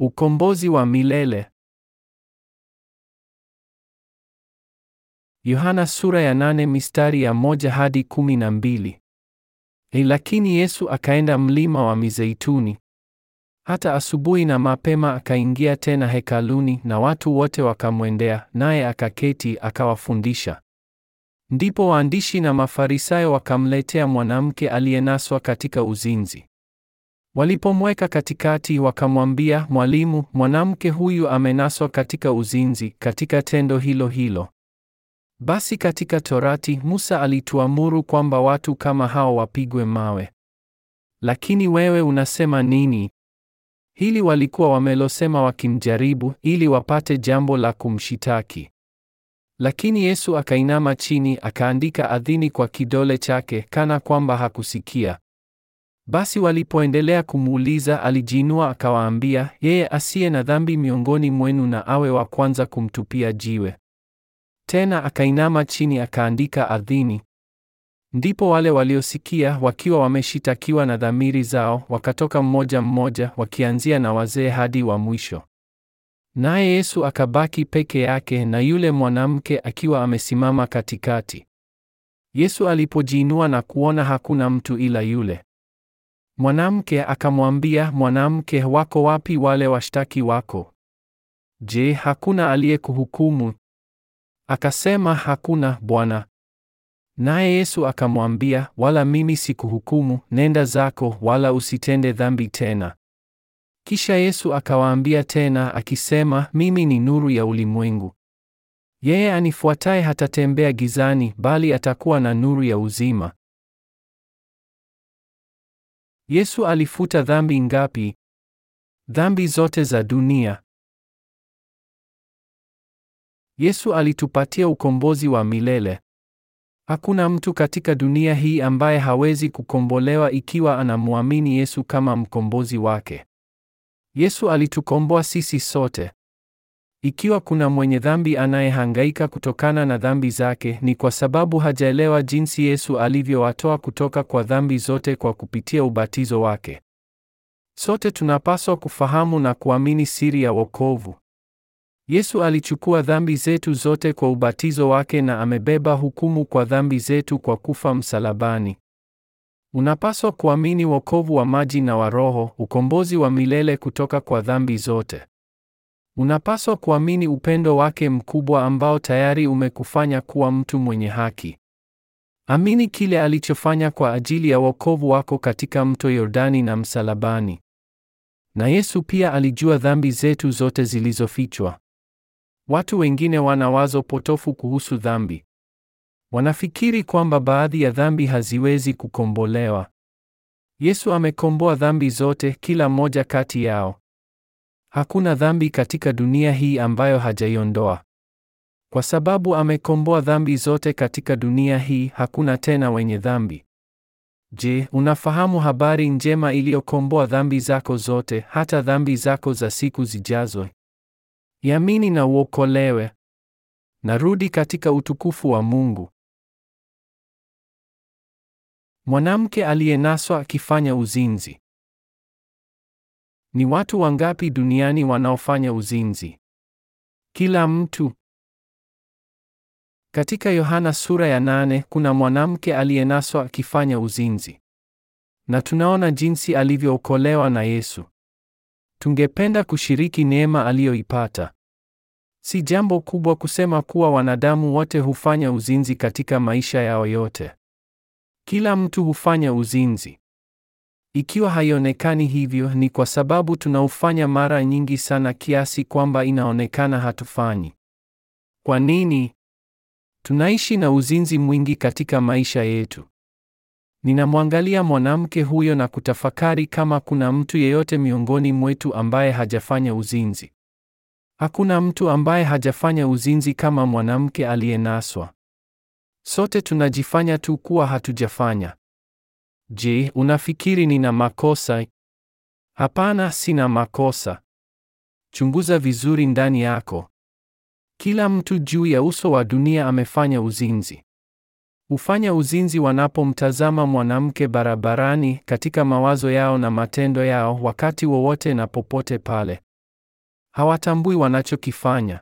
Ukombozi wa milele. Yohana sura ya nane mistari ya moja hadi kumi na mbili. Eh, lakini Yesu akaenda mlima wa Mizeituni. Hata asubuhi na mapema akaingia tena hekaluni na watu wote wakamwendea, naye akaketi akawafundisha. Ndipo waandishi na Mafarisayo wakamletea mwanamke aliyenaswa katika uzinzi, Walipomweka katikati, wakamwambia, Mwalimu, mwanamke huyu amenaswa katika uzinzi, katika tendo hilo hilo. Basi katika Torati Musa alituamuru kwamba watu kama hao wapigwe mawe. Lakini wewe unasema nini? Hili walikuwa wamelosema wakimjaribu ili wapate jambo la kumshitaki. Lakini Yesu akainama chini akaandika ardhini kwa kidole chake kana kwamba hakusikia. Basi walipoendelea kumuuliza, alijiinua akawaambia, yeye asiye na dhambi miongoni mwenu na awe wa kwanza kumtupia jiwe. Tena akainama chini akaandika ardhini. Ndipo wale waliosikia wakiwa wameshitakiwa na dhamiri zao wakatoka mmoja mmoja, wakianzia na wazee hadi wa mwisho. Naye Yesu akabaki peke yake na yule mwanamke akiwa amesimama katikati. Yesu alipojiinua na kuona hakuna mtu ila yule Mwanamke akamwambia mwanamke, wako wapi wale washtaki wako? Je, hakuna aliyekuhukumu? Akasema, hakuna Bwana. Naye Yesu akamwambia, wala mimi sikuhukumu, nenda zako, wala usitende dhambi tena. Kisha Yesu akawaambia tena akisema, mimi ni nuru ya ulimwengu. Yeye anifuataye hatatembea gizani, bali atakuwa na nuru ya uzima. Yesu alifuta dhambi ngapi? Dhambi zote za dunia. Yesu alitupatia ukombozi wa milele. Hakuna mtu katika dunia hii ambaye hawezi kukombolewa ikiwa anamwamini Yesu kama mkombozi wake. Yesu alitukomboa sisi sote. Ikiwa kuna mwenye dhambi anayehangaika kutokana na dhambi zake, ni kwa sababu hajaelewa jinsi Yesu alivyowatoa kutoka kwa dhambi zote kwa kupitia ubatizo wake. Sote tunapaswa kufahamu na kuamini siri ya wokovu. Yesu alichukua dhambi zetu zote kwa ubatizo wake na amebeba hukumu kwa dhambi zetu kwa kufa msalabani. Unapaswa kuamini wokovu wa maji na wa Roho, ukombozi wa milele kutoka kwa dhambi zote. Unapaswa kuamini upendo wake mkubwa ambao tayari umekufanya kuwa mtu mwenye haki. Amini kile alichofanya kwa ajili ya wokovu wako katika mto Yordani na msalabani. Na Yesu pia alijua dhambi zetu zote zilizofichwa. Watu wengine wana wazo potofu kuhusu dhambi. Wanafikiri kwamba baadhi ya dhambi haziwezi kukombolewa. Yesu amekomboa dhambi zote, kila moja kati yao. Hakuna dhambi katika dunia hii ambayo hajaiondoa. Kwa sababu amekomboa dhambi zote katika dunia hii, hakuna tena wenye dhambi. Je, unafahamu habari njema iliyokomboa dhambi zako zote, hata dhambi zako za siku zijazo? Yamini na uokolewe. Narudi katika utukufu wa Mungu. Mwanamke aliyenaswa akifanya uzinzi. Ni watu wangapi duniani wanaofanya uzinzi? Kila mtu. Katika Yohana sura ya nane kuna mwanamke aliyenaswa akifanya uzinzi. Na tunaona jinsi alivyookolewa na Yesu. Tungependa kushiriki neema aliyoipata. Si jambo kubwa kusema kuwa wanadamu wote hufanya uzinzi katika maisha yao yote. Kila mtu hufanya uzinzi. Ikiwa haionekani hivyo, ni kwa sababu tunaufanya mara nyingi sana kiasi kwamba inaonekana hatufanyi. Kwa nini? Tunaishi na uzinzi mwingi katika maisha yetu. Ninamwangalia mwanamke huyo na kutafakari kama kuna mtu yeyote miongoni mwetu ambaye hajafanya uzinzi. Hakuna mtu ambaye hajafanya uzinzi kama mwanamke aliyenaswa. Sote tunajifanya tu kuwa hatujafanya. Je, unafikiri nina makosa? Hapana, sina makosa. Chunguza vizuri ndani yako. Kila mtu juu ya uso wa dunia amefanya uzinzi. Hufanya uzinzi wanapomtazama mwanamke barabarani, katika mawazo yao na matendo yao, wakati wowote na popote pale. Hawatambui wanachokifanya.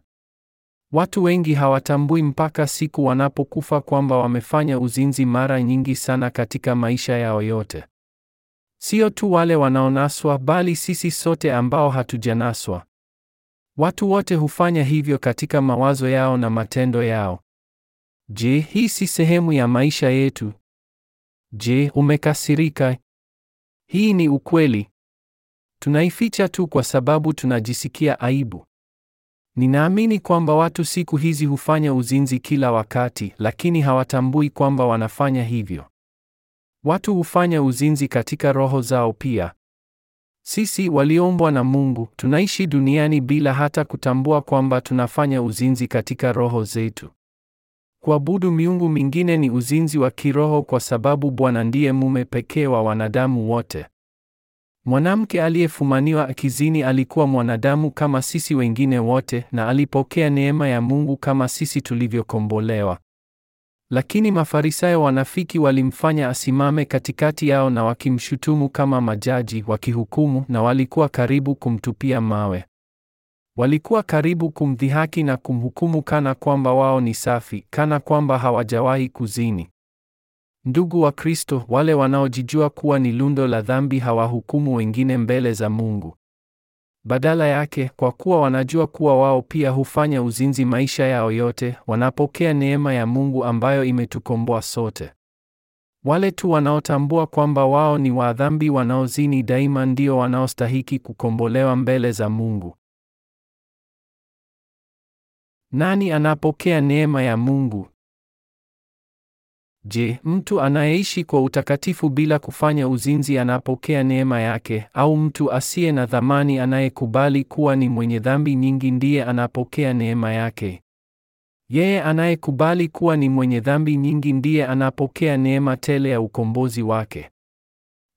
Watu wengi hawatambui mpaka siku wanapokufa kwamba wamefanya uzinzi mara nyingi sana katika maisha yao yote. Sio tu wale wanaonaswa bali sisi sote ambao hatujanaswa. Watu wote hufanya hivyo katika mawazo yao na matendo yao. Je, hii si sehemu ya maisha yetu? Je, umekasirika? Hii ni ukweli. Tunaificha tu kwa sababu tunajisikia aibu. Ninaamini kwamba watu siku hizi hufanya uzinzi kila wakati, lakini hawatambui kwamba wanafanya hivyo. Watu hufanya uzinzi katika roho zao pia. Sisi walioumbwa na Mungu tunaishi duniani bila hata kutambua kwamba tunafanya uzinzi katika roho zetu. Kuabudu miungu mingine ni uzinzi wa kiroho, kwa sababu Bwana ndiye mume pekee wa wanadamu wote. Mwanamke aliyefumaniwa akizini alikuwa mwanadamu kama sisi wengine wote na alipokea neema ya Mungu kama sisi tulivyokombolewa. Lakini Mafarisayo wanafiki walimfanya asimame katikati yao na wakimshutumu kama majaji, wakihukumu na walikuwa karibu kumtupia mawe. Walikuwa karibu kumdhihaki na kumhukumu kana kwamba wao ni safi, kana kwamba hawajawahi kuzini. Ndugu wa Kristo, wale wanaojijua kuwa ni lundo la dhambi hawahukumu wengine mbele za Mungu. Badala yake, kwa kuwa wanajua kuwa wao pia hufanya uzinzi maisha yao yote, wanapokea neema ya Mungu ambayo imetukomboa sote. Wale tu wanaotambua kwamba wao ni wadhambi wanaozini daima ndio wanaostahiki kukombolewa mbele za Mungu. Nani anapokea neema ya Mungu? Je, mtu anayeishi kwa utakatifu bila kufanya uzinzi anapokea neema yake, au mtu asiye na dhamani anayekubali kuwa ni mwenye dhambi nyingi ndiye anapokea neema yake? Yeye anayekubali kuwa ni mwenye dhambi nyingi ndiye anapokea neema tele ya ukombozi wake.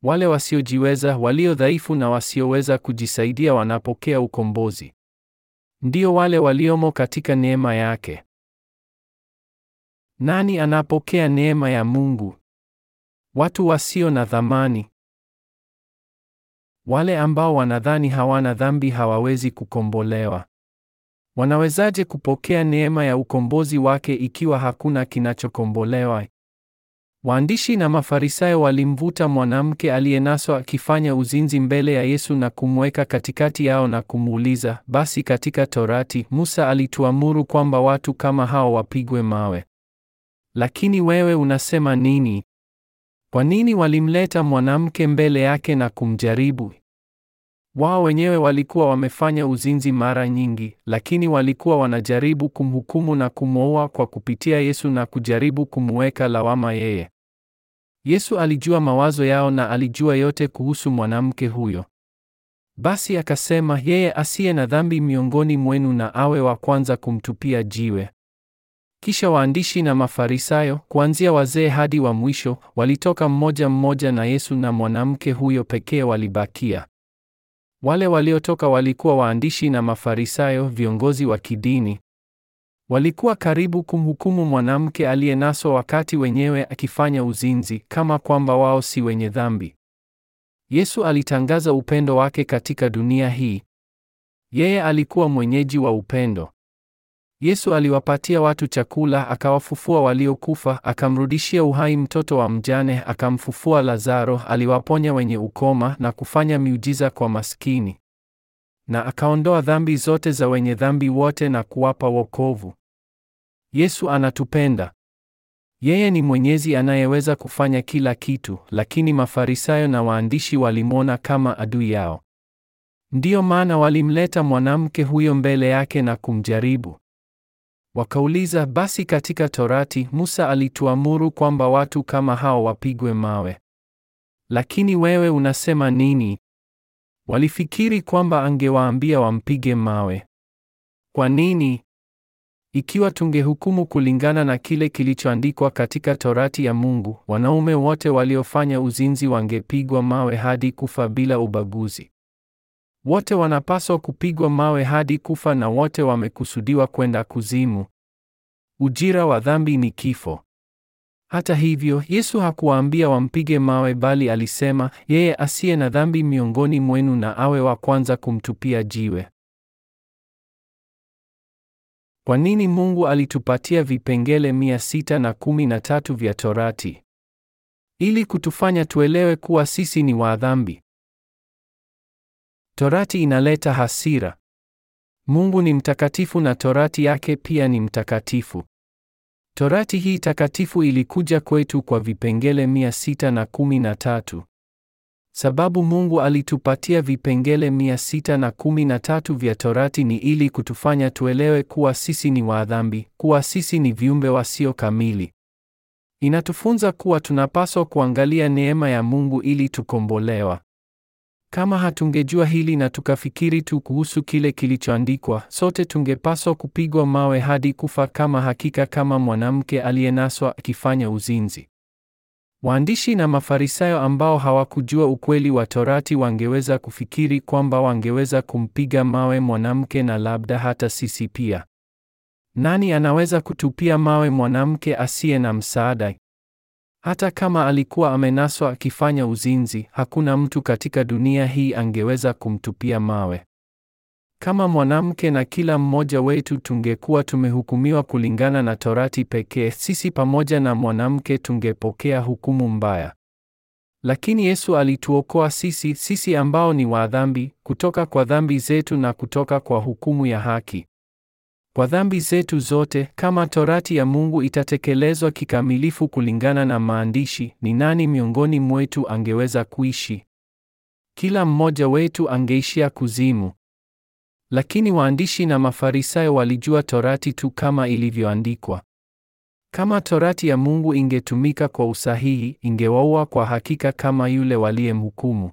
Wale wasiojiweza, walio dhaifu na wasioweza kujisaidia wanapokea ukombozi. Ndio wale waliomo katika neema yake. Nani anapokea neema ya Mungu? Watu wasio na dhamani. Wale ambao wanadhani hawana dhambi hawawezi kukombolewa. Wanawezaje kupokea neema ya ukombozi wake ikiwa hakuna kinachokombolewa? Waandishi na Mafarisayo walimvuta mwanamke aliyenaswa akifanya uzinzi mbele ya Yesu na kumweka katikati yao na kumuuliza, "Basi katika Torati Musa alituamuru kwamba watu kama hao wapigwe mawe. Lakini wewe unasema nini? Kwa nini walimleta mwanamke mbele yake na kumjaribu? Wao wenyewe walikuwa wamefanya uzinzi mara nyingi, lakini walikuwa wanajaribu kumhukumu na kumwoa kwa kupitia Yesu na kujaribu kumweka lawama yeye. Yesu alijua mawazo yao na alijua yote kuhusu mwanamke huyo. Basi akasema, yeye asiye na dhambi miongoni mwenu na awe wa kwanza kumtupia jiwe. Kisha waandishi na Mafarisayo, kuanzia wazee hadi wa mwisho, walitoka mmoja mmoja, na Yesu na mwanamke huyo pekee walibakia. Wale waliotoka walikuwa waandishi na Mafarisayo, viongozi wa kidini. Walikuwa karibu kumhukumu mwanamke aliyenaswa wakati wenyewe akifanya uzinzi, kama kwamba wao si wenye dhambi. Yesu alitangaza upendo wake katika dunia hii. Yeye alikuwa mwenyeji wa upendo. Yesu aliwapatia watu chakula, akawafufua waliokufa, akamrudishia uhai mtoto wa mjane, akamfufua Lazaro, aliwaponya wenye ukoma na kufanya miujiza kwa maskini. Na akaondoa dhambi zote za wenye dhambi wote na kuwapa wokovu. Yesu anatupenda. Yeye ni Mwenyezi anayeweza kufanya kila kitu, lakini Mafarisayo na waandishi walimwona kama adui yao. Ndiyo maana walimleta mwanamke huyo mbele yake na kumjaribu. Wakauliza, basi katika Torati Musa alituamuru kwamba watu kama hao wapigwe mawe, lakini wewe unasema nini? Walifikiri kwamba angewaambia wampige mawe. Kwa nini? Ikiwa tungehukumu kulingana na kile kilichoandikwa katika Torati ya Mungu, wanaume wote waliofanya uzinzi wangepigwa mawe hadi kufa bila ubaguzi. Wote wanapaswa kupigwa mawe hadi kufa na wote wamekusudiwa kwenda kuzimu. Ujira wa dhambi ni kifo. Hata hivyo, Yesu hakuwaambia wampige mawe bali alisema, yeye asiye na dhambi miongoni mwenu na awe wa kwanza kumtupia jiwe. Kwa nini Mungu alitupatia vipengele 613 vya Torati? Ili kutufanya tuelewe kuwa sisi ni wadhambi. Torati inaleta hasira. Mungu ni mtakatifu na torati yake pia ni mtakatifu. Torati hii takatifu ilikuja kwetu kwa vipengele mia sita na kumi na tatu. Sababu Mungu alitupatia vipengele 613 sita na kumi na tatu vya torati ni ili kutufanya tuelewe kuwa sisi ni wadhambi, kuwa sisi ni viumbe wasio kamili. Inatufunza kuwa tunapaswa kuangalia neema ya Mungu ili tukombolewa. Kama hatungejua hili na tukafikiri tu kuhusu kile kilichoandikwa, sote tungepaswa kupigwa mawe hadi kufa kama hakika kama mwanamke aliyenaswa akifanya uzinzi. Waandishi na Mafarisayo ambao hawakujua ukweli wa Torati wangeweza kufikiri kwamba wangeweza kumpiga mawe mwanamke na labda hata sisi pia. Nani anaweza kutupia mawe mwanamke asiye na msaada? Hata kama alikuwa amenaswa akifanya uzinzi, hakuna mtu katika dunia hii angeweza kumtupia mawe. Kama mwanamke na kila mmoja wetu tungekuwa tumehukumiwa kulingana na Torati pekee, sisi pamoja na mwanamke tungepokea hukumu mbaya. Lakini Yesu alituokoa sisi, sisi ambao ni wadhambi, kutoka kwa dhambi zetu na kutoka kwa hukumu ya haki kwa dhambi zetu zote, kama torati ya Mungu itatekelezwa kikamilifu kulingana na maandishi, ni nani miongoni mwetu angeweza kuishi? Kila mmoja wetu angeishia kuzimu. Lakini waandishi na Mafarisayo walijua torati tu kama ilivyoandikwa. Kama torati ya Mungu ingetumika kwa usahihi, ingewaua kwa hakika kama yule waliyemhukumu.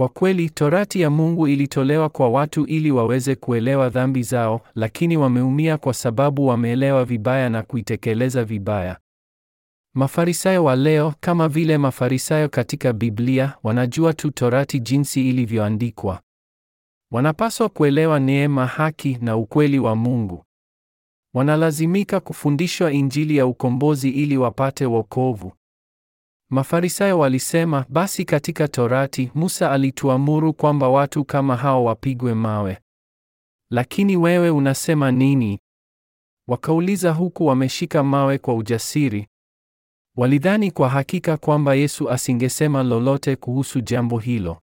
Kwa kweli torati ya Mungu ilitolewa kwa watu ili waweze kuelewa dhambi zao, lakini wameumia kwa sababu wameelewa vibaya na kuitekeleza vibaya. Mafarisayo wa leo, kama vile Mafarisayo katika Biblia, wanajua tu torati jinsi ilivyoandikwa. Wanapaswa kuelewa neema, haki na ukweli wa Mungu. Wanalazimika kufundishwa injili ya ukombozi ili wapate wokovu. Mafarisayo walisema, basi katika Torati Musa alituamuru kwamba watu kama hao wapigwe mawe. Lakini wewe unasema nini? Wakauliza huku wameshika mawe kwa ujasiri. Walidhani kwa hakika kwamba Yesu asingesema lolote kuhusu jambo hilo.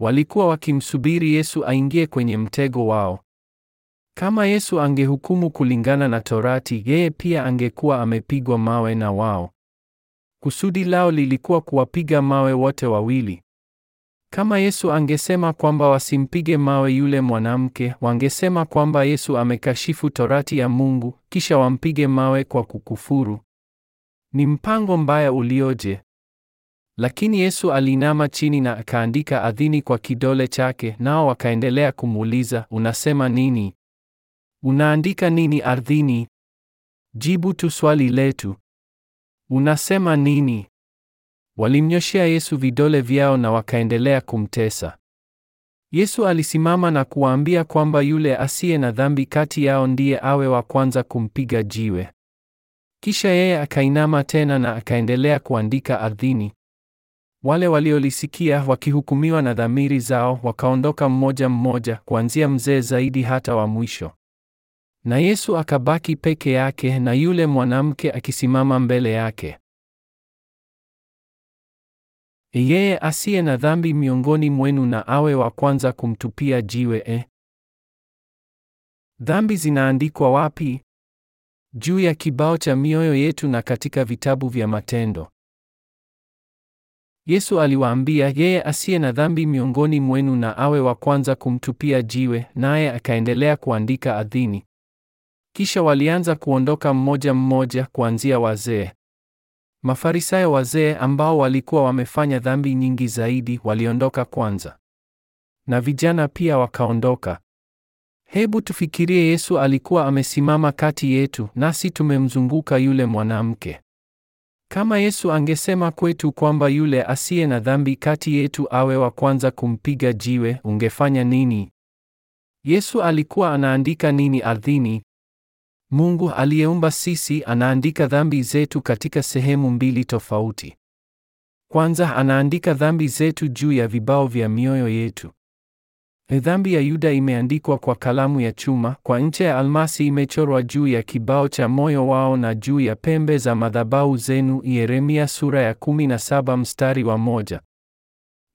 Walikuwa wakimsubiri Yesu aingie kwenye mtego wao. Kama Yesu angehukumu kulingana na Torati, yeye pia angekuwa amepigwa mawe na wao. Kusudi lao lilikuwa kuwapiga mawe wote wawili. Kama Yesu angesema kwamba wasimpige mawe yule mwanamke, wangesema kwamba Yesu amekashifu torati ya Mungu, kisha wampige mawe kwa kukufuru. Ni mpango mbaya ulioje! Lakini Yesu alinama chini na akaandika ardhini kwa kidole chake, nao wakaendelea kumuuliza, unasema nini? Unaandika nini ardhini? Jibu tu swali letu. Unasema nini? Walimnyoshea Yesu vidole vyao na wakaendelea kumtesa. Yesu alisimama na kuwaambia kwamba yule asiye na dhambi kati yao ndiye awe wa kwanza kumpiga jiwe. Kisha yeye akainama tena na akaendelea kuandika ardhini. Wale waliolisikia wakihukumiwa na dhamiri zao wakaondoka mmoja mmoja, kuanzia mzee zaidi hata wa mwisho. Na Yesu akabaki peke yake na yule mwanamke akisimama mbele yake. Yeye asiye na dhambi miongoni mwenu na awe wa kwanza kumtupia jiwe. E, dhambi zinaandikwa wapi? Juu ya kibao cha mioyo yetu na katika vitabu vya matendo. Yesu aliwaambia, yeye asiye na dhambi miongoni mwenu na awe wa kwanza kumtupia jiwe, naye akaendelea kuandika ardhini. Kisha walianza kuondoka mmoja mmoja, kuanzia wazee. Mafarisayo wazee ambao walikuwa wamefanya dhambi nyingi zaidi waliondoka kwanza, na vijana pia wakaondoka. Hebu tufikirie, Yesu alikuwa amesimama kati yetu, nasi tumemzunguka yule mwanamke. Kama Yesu angesema kwetu kwamba yule asiye na dhambi kati yetu awe wa kwanza kumpiga jiwe, ungefanya nini? Yesu alikuwa anaandika nini ardhini? Mungu aliyeumba sisi anaandika dhambi zetu katika sehemu mbili tofauti. Kwanza anaandika dhambi zetu juu ya vibao vya mioyo yetu. E, dhambi ya Yuda imeandikwa kwa kalamu ya chuma, kwa ncha ya almasi imechorwa juu ya kibao cha moyo wao na juu ya pembe za madhabahu zenu. Yeremia sura ya 17 mstari wa moja.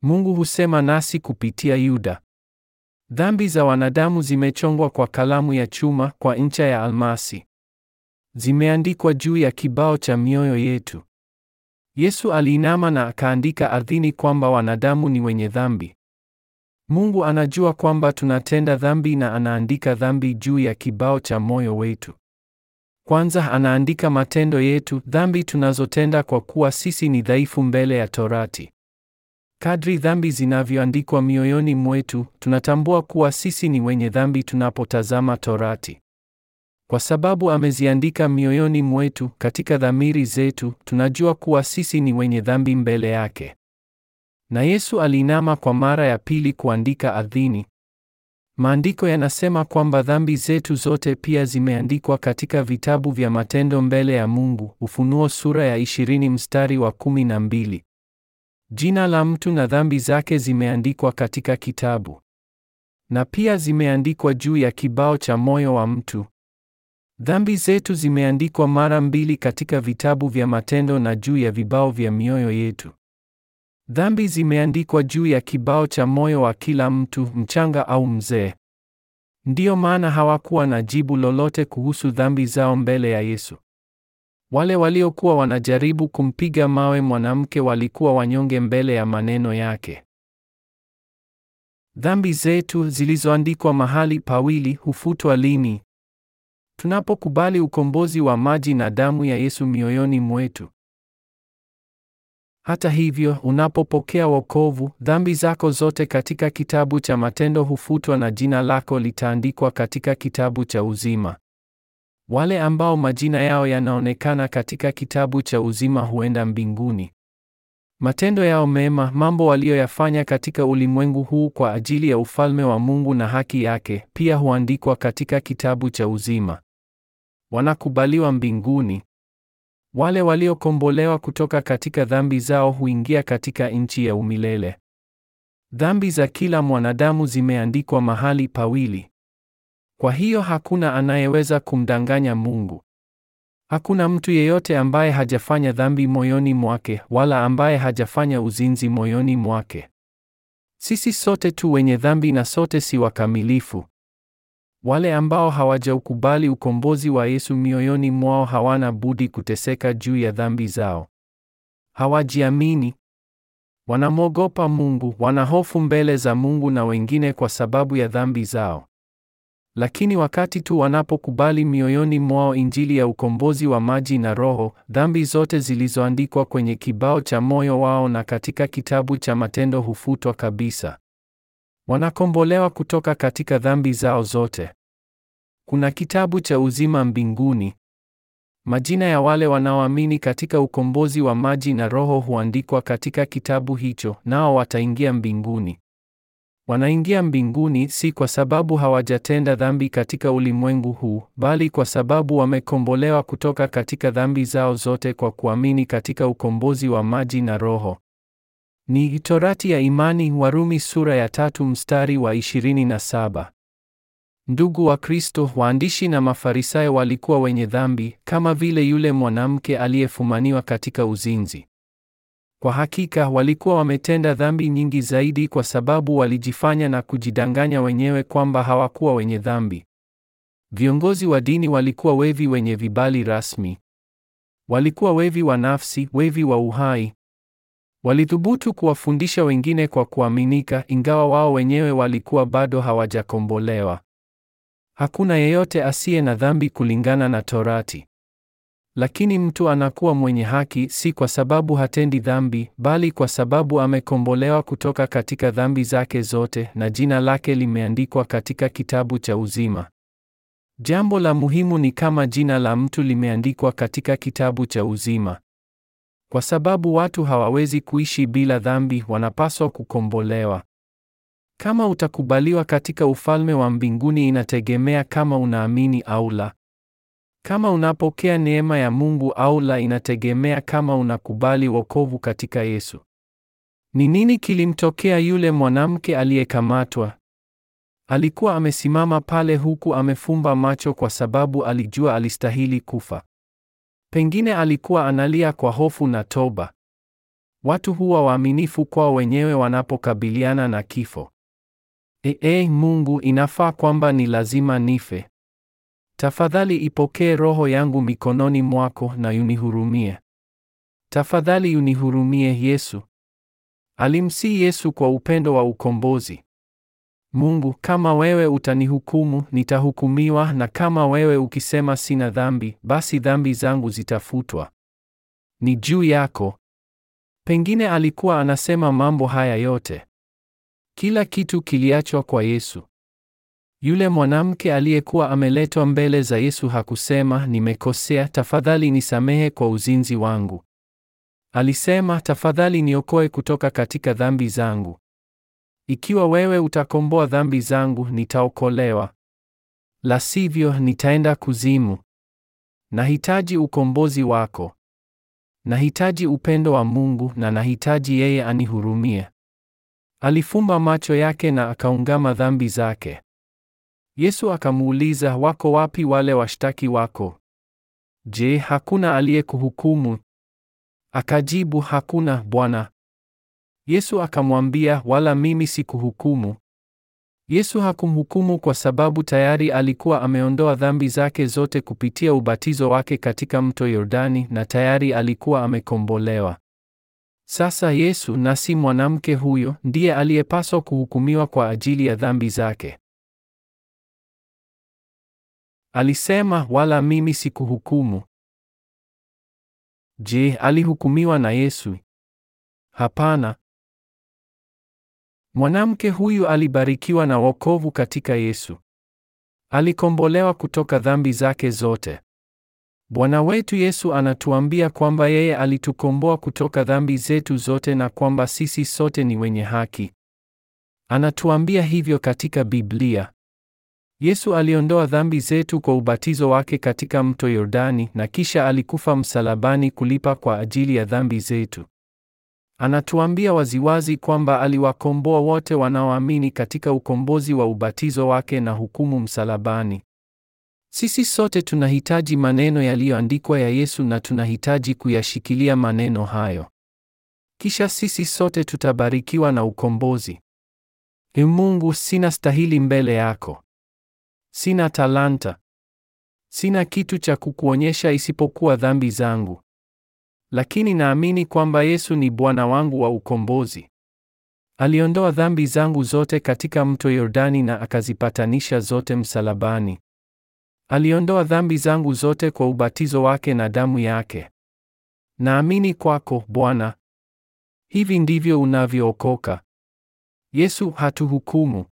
Mungu husema nasi kupitia Yuda. Dhambi za wanadamu zimechongwa kwa kalamu ya chuma, kwa ncha ya almasi. Zimeandikwa juu ya kibao cha mioyo yetu. Yesu aliinama na akaandika ardhini kwamba wanadamu ni wenye dhambi. Mungu anajua kwamba tunatenda dhambi na anaandika dhambi juu ya kibao cha moyo wetu. Kwanza anaandika matendo yetu, dhambi tunazotenda kwa kuwa sisi ni dhaifu mbele ya Torati. Kadri dhambi zinavyoandikwa mioyoni mwetu, tunatambua kuwa sisi ni wenye dhambi tunapotazama Torati. Kwa sababu ameziandika mioyoni mwetu, katika dhamiri zetu, tunajua kuwa sisi ni wenye dhambi mbele yake. Na Yesu alinama kwa mara ya pili kuandika ardhini. Maandiko yanasema kwamba dhambi zetu zote pia zimeandikwa katika vitabu vya matendo mbele ya Mungu, Ufunuo sura ya 20 mstari wa 12. Jina la mtu na dhambi zake zimeandikwa katika kitabu, na pia zimeandikwa juu ya kibao cha moyo wa mtu. Dhambi zetu zimeandikwa mara mbili katika vitabu vya matendo na juu ya vibao vya mioyo yetu. Dhambi zimeandikwa juu ya kibao cha moyo wa kila mtu, mchanga au mzee. Ndiyo maana hawakuwa na jibu lolote kuhusu dhambi zao mbele ya Yesu. Wale waliokuwa wanajaribu kumpiga mawe mwanamke walikuwa wanyonge mbele ya maneno yake. Dhambi zetu zilizoandikwa mahali pawili hufutwa lini? Tunapokubali ukombozi wa maji na damu ya Yesu mioyoni mwetu. Hata hivyo, unapopokea wokovu, dhambi zako zote katika kitabu cha matendo hufutwa na jina lako litaandikwa katika kitabu cha uzima. Wale ambao majina yao yanaonekana katika kitabu cha uzima huenda mbinguni. Matendo yao mema, mambo waliyoyafanya katika ulimwengu huu kwa ajili ya ufalme wa Mungu na haki yake, pia huandikwa katika kitabu cha uzima. Wanakubaliwa mbinguni. Wale waliokombolewa kutoka katika dhambi zao huingia katika nchi ya umilele. Dhambi za kila mwanadamu zimeandikwa mahali pawili. Kwa hiyo hakuna anayeweza kumdanganya Mungu. Hakuna mtu yeyote ambaye hajafanya dhambi moyoni mwake wala ambaye hajafanya uzinzi moyoni mwake. Sisi sote tu wenye dhambi na sote si wakamilifu. Wale ambao hawajaukubali ukombozi wa Yesu mioyoni mwao hawana budi kuteseka juu ya dhambi zao. Hawajiamini. Wanamwogopa Mungu, wanahofu mbele za Mungu na wengine kwa sababu ya dhambi zao. Lakini wakati tu wanapokubali mioyoni mwao injili ya ukombozi wa maji na Roho, dhambi zote zilizoandikwa kwenye kibao cha moyo wao na katika kitabu cha matendo hufutwa kabisa. Wanakombolewa kutoka katika dhambi zao zote. Kuna kitabu cha uzima mbinguni. Majina ya wale wanaoamini katika ukombozi wa maji na Roho huandikwa katika kitabu hicho, nao wataingia mbinguni. Wanaingia mbinguni si kwa sababu hawajatenda dhambi katika ulimwengu huu, bali kwa sababu wamekombolewa kutoka katika dhambi zao zote kwa kuamini katika ukombozi wa maji na Roho. Ni torati ya imani, Warumi sura ya tatu mstari wa 27. Ndugu wa Kristo, waandishi na Mafarisayo walikuwa wenye dhambi kama vile yule mwanamke aliyefumaniwa katika uzinzi. Kwa hakika walikuwa wametenda dhambi nyingi zaidi kwa sababu walijifanya na kujidanganya wenyewe kwamba hawakuwa wenye dhambi. Viongozi wa dini walikuwa wevi wenye vibali rasmi. Walikuwa wevi wa nafsi, wevi wa uhai. Walithubutu kuwafundisha wengine kwa kuaminika ingawa wao wenyewe walikuwa bado hawajakombolewa. Hakuna yeyote asiye na dhambi kulingana na Torati. Lakini mtu anakuwa mwenye haki si kwa sababu hatendi dhambi, bali kwa sababu amekombolewa kutoka katika dhambi zake zote na jina lake limeandikwa katika kitabu cha uzima. Jambo la muhimu ni kama jina la mtu limeandikwa katika kitabu cha uzima. Kwa sababu watu hawawezi kuishi bila dhambi, wanapaswa kukombolewa. Kama utakubaliwa katika ufalme wa mbinguni inategemea kama unaamini au la. Kama unapokea neema ya Mungu au la inategemea kama unakubali wokovu katika Yesu. Ni nini kilimtokea yule mwanamke aliyekamatwa? Alikuwa amesimama pale huku amefumba macho kwa sababu alijua alistahili kufa. Pengine alikuwa analia kwa hofu na toba. Watu huwa waaminifu kwao wenyewe wanapokabiliana na kifo. Ee, ee Mungu, inafaa kwamba ni lazima nife. Tafadhali ipokee roho yangu mikononi mwako na unihurumie. Tafadhali unihurumie Yesu. alimsii Yesu kwa upendo wa ukombozi. Mungu, kama wewe utanihukumu, nitahukumiwa na kama wewe ukisema sina dhambi, basi dhambi zangu zitafutwa. Ni juu yako. Pengine alikuwa anasema mambo haya yote. Kila kitu kiliachwa kwa Yesu. Yule mwanamke aliyekuwa ameletwa mbele za Yesu hakusema, nimekosea, tafadhali nisamehe kwa uzinzi wangu. Alisema, tafadhali niokoe kutoka katika dhambi zangu. Ikiwa wewe utakomboa dhambi zangu, nitaokolewa. La sivyo, nitaenda kuzimu. Nahitaji ukombozi wako. Nahitaji upendo wa Mungu na nahitaji yeye anihurumie. Alifumba macho yake na akaungama dhambi zake. Yesu akamuuliza, wako wapi wale washtaki wako? Je, hakuna aliyekuhukumu? Akajibu, hakuna Bwana. Yesu akamwambia, wala mimi sikuhukumu. Yesu hakumhukumu kwa sababu tayari alikuwa ameondoa dhambi zake zote kupitia ubatizo wake katika mto Yordani na tayari alikuwa amekombolewa. Sasa Yesu na si mwanamke huyo ndiye aliyepaswa kuhukumiwa kwa ajili ya dhambi zake. Alisema, wala mimi sikuhukumu. Je, alihukumiwa na Yesu? Hapana. Mwanamke huyu alibarikiwa na wokovu katika Yesu. Alikombolewa kutoka dhambi zake zote. Bwana wetu Yesu anatuambia kwamba yeye alitukomboa kutoka dhambi zetu zote na kwamba sisi sote ni wenye haki. Anatuambia hivyo katika Biblia. Yesu aliondoa dhambi zetu kwa ubatizo wake katika mto Yordani na kisha alikufa msalabani kulipa kwa ajili ya dhambi zetu. Anatuambia waziwazi kwamba aliwakomboa wote wanaoamini katika ukombozi wa ubatizo wake na hukumu msalabani. Sisi sote tunahitaji maneno yaliyoandikwa ya Yesu na tunahitaji kuyashikilia maneno hayo. Kisha sisi sote tutabarikiwa na ukombozi. Ee Mungu, sina stahili mbele yako. Sina talanta. Sina kitu cha kukuonyesha isipokuwa dhambi zangu. Lakini naamini kwamba Yesu ni Bwana wangu wa ukombozi. Aliondoa dhambi zangu zote katika mto Yordani na akazipatanisha zote msalabani. Aliondoa dhambi zangu zote kwa ubatizo wake na damu yake. Naamini kwako, Bwana. Hivi ndivyo unavyookoka. Yesu hatuhukumu.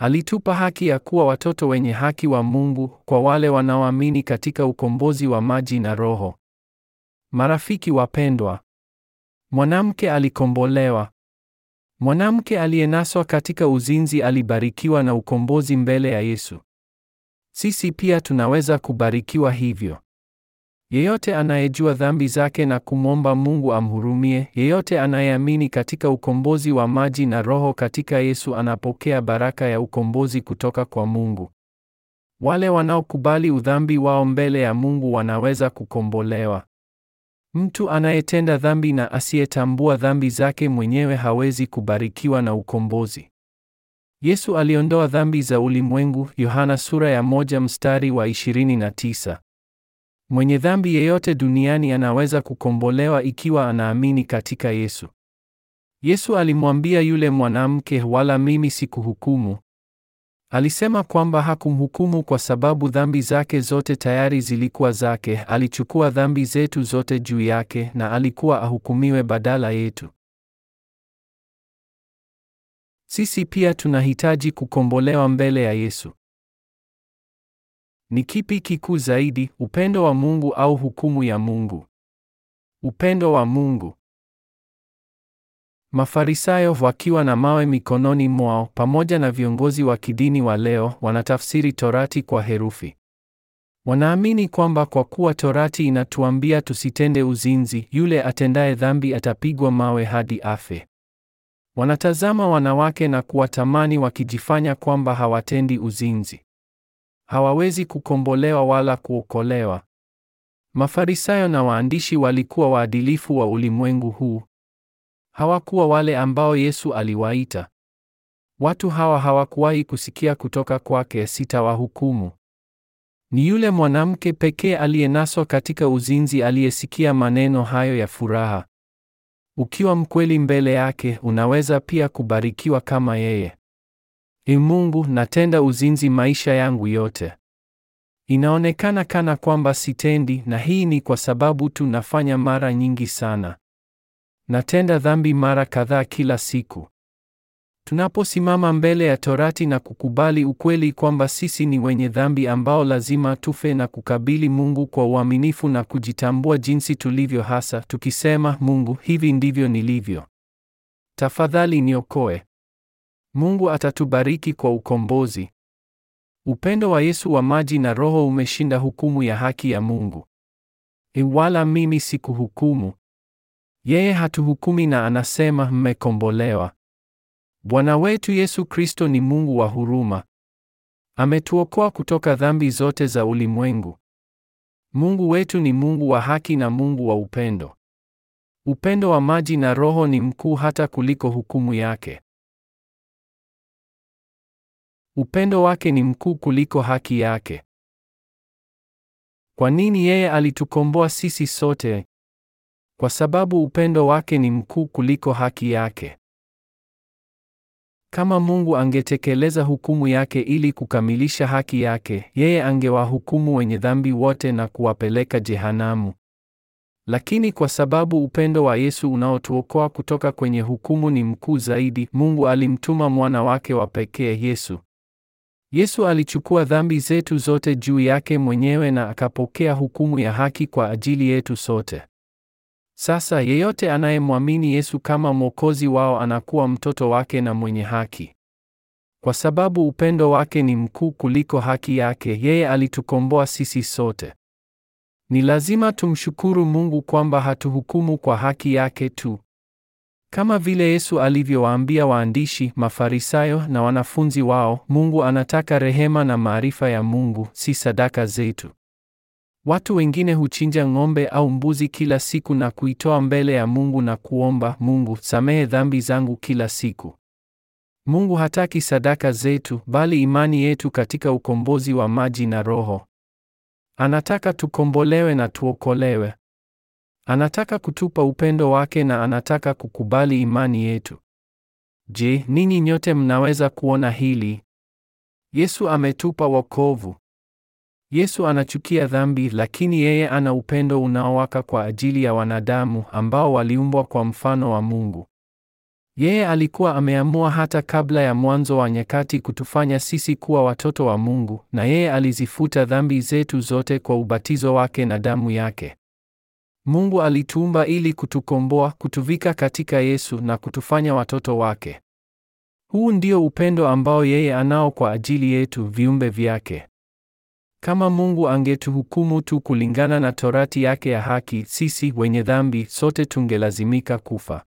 Alitupa haki ya kuwa watoto wenye haki wa Mungu kwa wale wanaoamini katika ukombozi wa maji na Roho. Marafiki wapendwa, mwanamke alikombolewa. Mwanamke aliyenaswa katika uzinzi alibarikiwa na ukombozi mbele ya Yesu. Sisi pia tunaweza kubarikiwa hivyo. Yeyote anayejua dhambi zake na kumwomba Mungu amhurumie, yeyote anayeamini katika ukombozi wa maji na Roho katika Yesu anapokea baraka ya ukombozi kutoka kwa Mungu. Wale wanaokubali udhambi wao mbele ya Mungu wanaweza kukombolewa. Mtu anayetenda dhambi na asiyetambua dhambi zake mwenyewe hawezi kubarikiwa na ukombozi. Yesu aliondoa dhambi za ulimwengu, Yohana sura ya moja mstari wa 29. Mwenye dhambi yeyote duniani anaweza kukombolewa ikiwa anaamini katika Yesu. Yesu alimwambia yule mwanamke, wala mimi sikuhukumu. Alisema kwamba hakumhukumu kwa sababu dhambi zake zote tayari zilikuwa zake. Alichukua dhambi zetu zote juu yake na alikuwa ahukumiwe badala yetu. Sisi pia tunahitaji kukombolewa mbele ya Yesu. Ni kipi kikuu zaidi, upendo wa Mungu au hukumu ya Mungu? Upendo wa Mungu. Mafarisayo wakiwa na mawe mikononi mwao pamoja na viongozi wa kidini wa leo wanatafsiri Torati kwa herufi. Wanaamini kwamba kwa kuwa Torati inatuambia tusitende uzinzi, yule atendaye dhambi atapigwa mawe hadi afe. Wanatazama wanawake na kuwatamani wakijifanya kwamba hawatendi uzinzi hawawezi kukombolewa wala kuokolewa. Mafarisayo na waandishi walikuwa waadilifu wa ulimwengu huu. Hawakuwa wale ambao Yesu aliwaita. Watu hawa hawakuwahi kusikia kutoka kwake sitawahukumu. Ni yule mwanamke pekee aliyenaswa katika uzinzi aliyesikia maneno hayo ya furaha. Ukiwa mkweli mbele yake, unaweza pia kubarikiwa kama yeye. E Mungu, natenda uzinzi maisha yangu yote. Inaonekana kana kwamba sitendi, na hii ni kwa sababu tu nafanya mara nyingi sana. Natenda dhambi mara kadhaa kila siku. Tunaposimama mbele ya Torati na kukubali ukweli kwamba sisi ni wenye dhambi ambao lazima tufe na kukabili Mungu kwa uaminifu na kujitambua jinsi tulivyo hasa, tukisema, Mungu, hivi ndivyo nilivyo. Tafadhali niokoe. Mungu atatubariki kwa ukombozi. Upendo wa Yesu wa maji na Roho umeshinda hukumu ya haki ya Mungu. Iwala e mimi sikuhukumu. Yeye hatuhukumi na anasema mmekombolewa. Bwana wetu Yesu Kristo ni Mungu wa huruma. Ametuokoa kutoka dhambi zote za ulimwengu. Mungu wetu ni Mungu wa haki na Mungu wa upendo. Upendo wa maji na Roho ni mkuu hata kuliko hukumu yake. Upendo wake ni mkuu kuliko haki yake. Kwa nini yeye alitukomboa sisi sote? Kwa sababu upendo wake ni mkuu kuliko haki yake. Kama Mungu angetekeleza hukumu yake ili kukamilisha haki yake, yeye angewahukumu wenye dhambi wote na kuwapeleka jehanamu. Lakini kwa sababu upendo wa Yesu unaotuokoa kutoka kwenye hukumu ni mkuu zaidi, Mungu alimtuma mwana wake wa pekee Yesu Yesu alichukua dhambi zetu zote juu yake mwenyewe na akapokea hukumu ya haki kwa ajili yetu sote. Sasa yeyote anayemwamini Yesu kama Mwokozi wao anakuwa mtoto wake na mwenye haki. Kwa sababu upendo wake ni mkuu kuliko haki yake, yeye alitukomboa sisi sote. Ni lazima tumshukuru Mungu kwamba hatuhukumu kwa haki yake tu, kama vile Yesu alivyowaambia waandishi, Mafarisayo na wanafunzi wao, Mungu anataka rehema na maarifa ya Mungu, si sadaka zetu. Watu wengine huchinja ng'ombe au mbuzi kila siku na kuitoa mbele ya Mungu na kuomba, Mungu, samehe dhambi zangu kila siku. Mungu hataki sadaka zetu, bali imani yetu katika ukombozi wa maji na Roho. Anataka tukombolewe na tuokolewe. Anataka kutupa upendo wake na anataka kukubali imani yetu. Je, ninyi nyote mnaweza kuona hili? Yesu ametupa wokovu. Yesu anachukia dhambi, lakini yeye ana upendo unaowaka kwa ajili ya wanadamu ambao waliumbwa kwa mfano wa Mungu. Yeye alikuwa ameamua hata kabla ya mwanzo wa nyakati kutufanya sisi kuwa watoto wa Mungu, na yeye alizifuta dhambi zetu zote kwa ubatizo wake na damu yake. Mungu alituumba ili kutukomboa, kutuvika katika Yesu na kutufanya watoto wake. Huu ndio upendo ambao yeye anao kwa ajili yetu viumbe vyake. Kama Mungu angetuhukumu tu kulingana na torati yake ya haki, sisi wenye dhambi sote tungelazimika kufa.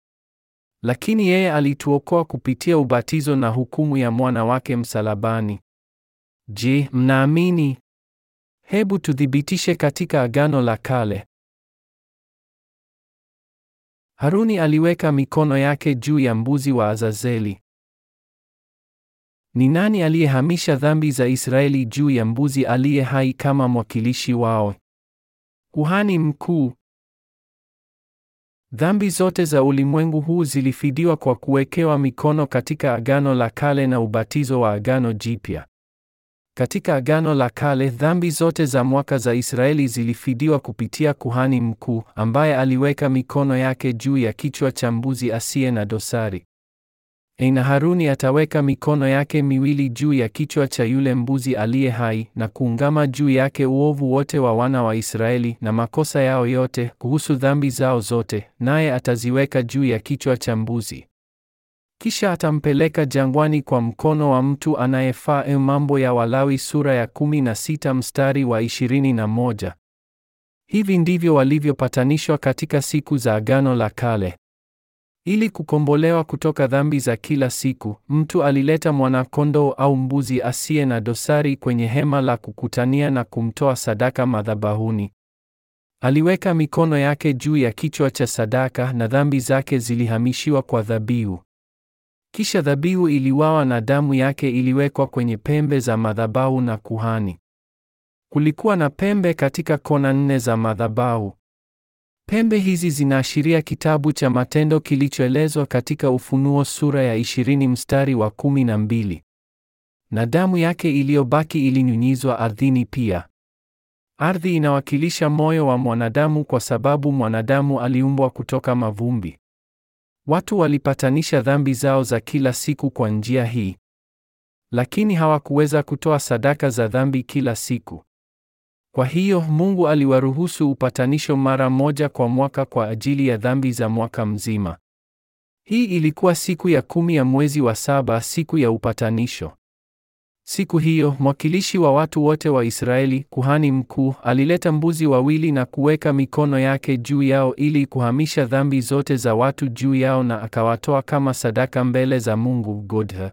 Lakini yeye alituokoa kupitia ubatizo na hukumu ya mwana wake msalabani. Je, mnaamini? Hebu tuthibitishe katika Agano la Kale. Haruni aliweka mikono yake juu ya mbuzi wa Azazeli. Ni nani aliyehamisha dhambi za Israeli juu ya mbuzi aliye hai kama mwakilishi wao? Kuhani mkuu. Dhambi zote za ulimwengu huu zilifidiwa kwa kuwekewa mikono katika Agano la Kale na ubatizo wa Agano Jipya. Katika Agano la Kale, dhambi zote za mwaka za Israeli zilifidiwa kupitia kuhani mkuu ambaye aliweka mikono yake juu ya kichwa cha mbuzi asiye na dosari. Na Haruni ataweka mikono yake miwili juu ya kichwa cha yule mbuzi aliye hai na kuungama juu yake uovu wote wa wana wa Israeli na makosa yao yote kuhusu dhambi zao zote, naye ataziweka juu ya kichwa cha mbuzi. Kisha atampeleka jangwani kwa mkono wa mtu anayefaa. E Mambo ya Walawi sura ya 16 mstari wa 21. Hivi ndivyo walivyopatanishwa katika siku za Agano la Kale. Ili kukombolewa kutoka dhambi za kila siku, mtu alileta mwanakondoo au mbuzi asiye na dosari kwenye hema la kukutania na kumtoa sadaka madhabahuni. Aliweka mikono yake juu ya kichwa cha sadaka na dhambi zake zilihamishiwa kwa dhabihu. Kisha dhabihu iliwawa na damu yake iliwekwa kwenye pembe za madhabahu na kuhani. Kulikuwa na pembe katika kona nne za madhabahu. Pembe hizi zinaashiria kitabu cha Matendo kilichoelezwa katika Ufunuo sura ya 20 mstari wa 12. Na damu yake iliyobaki ilinyunyizwa ardhini pia. Ardhi inawakilisha moyo wa mwanadamu kwa sababu mwanadamu aliumbwa kutoka mavumbi. Watu walipatanisha dhambi zao za kila siku kwa njia hii, lakini hawakuweza kutoa sadaka za dhambi kila siku. Kwa hiyo Mungu aliwaruhusu upatanisho mara moja kwa mwaka kwa ajili ya dhambi za mwaka mzima. Hii ilikuwa siku ya kumi ya mwezi wa saba, siku ya upatanisho. Siku hiyo mwakilishi wa watu wote wa Israeli, kuhani mkuu, alileta mbuzi wawili na kuweka mikono yake juu yao ili kuhamisha dhambi zote za watu juu yao, na akawatoa kama sadaka mbele za Mungu Godha,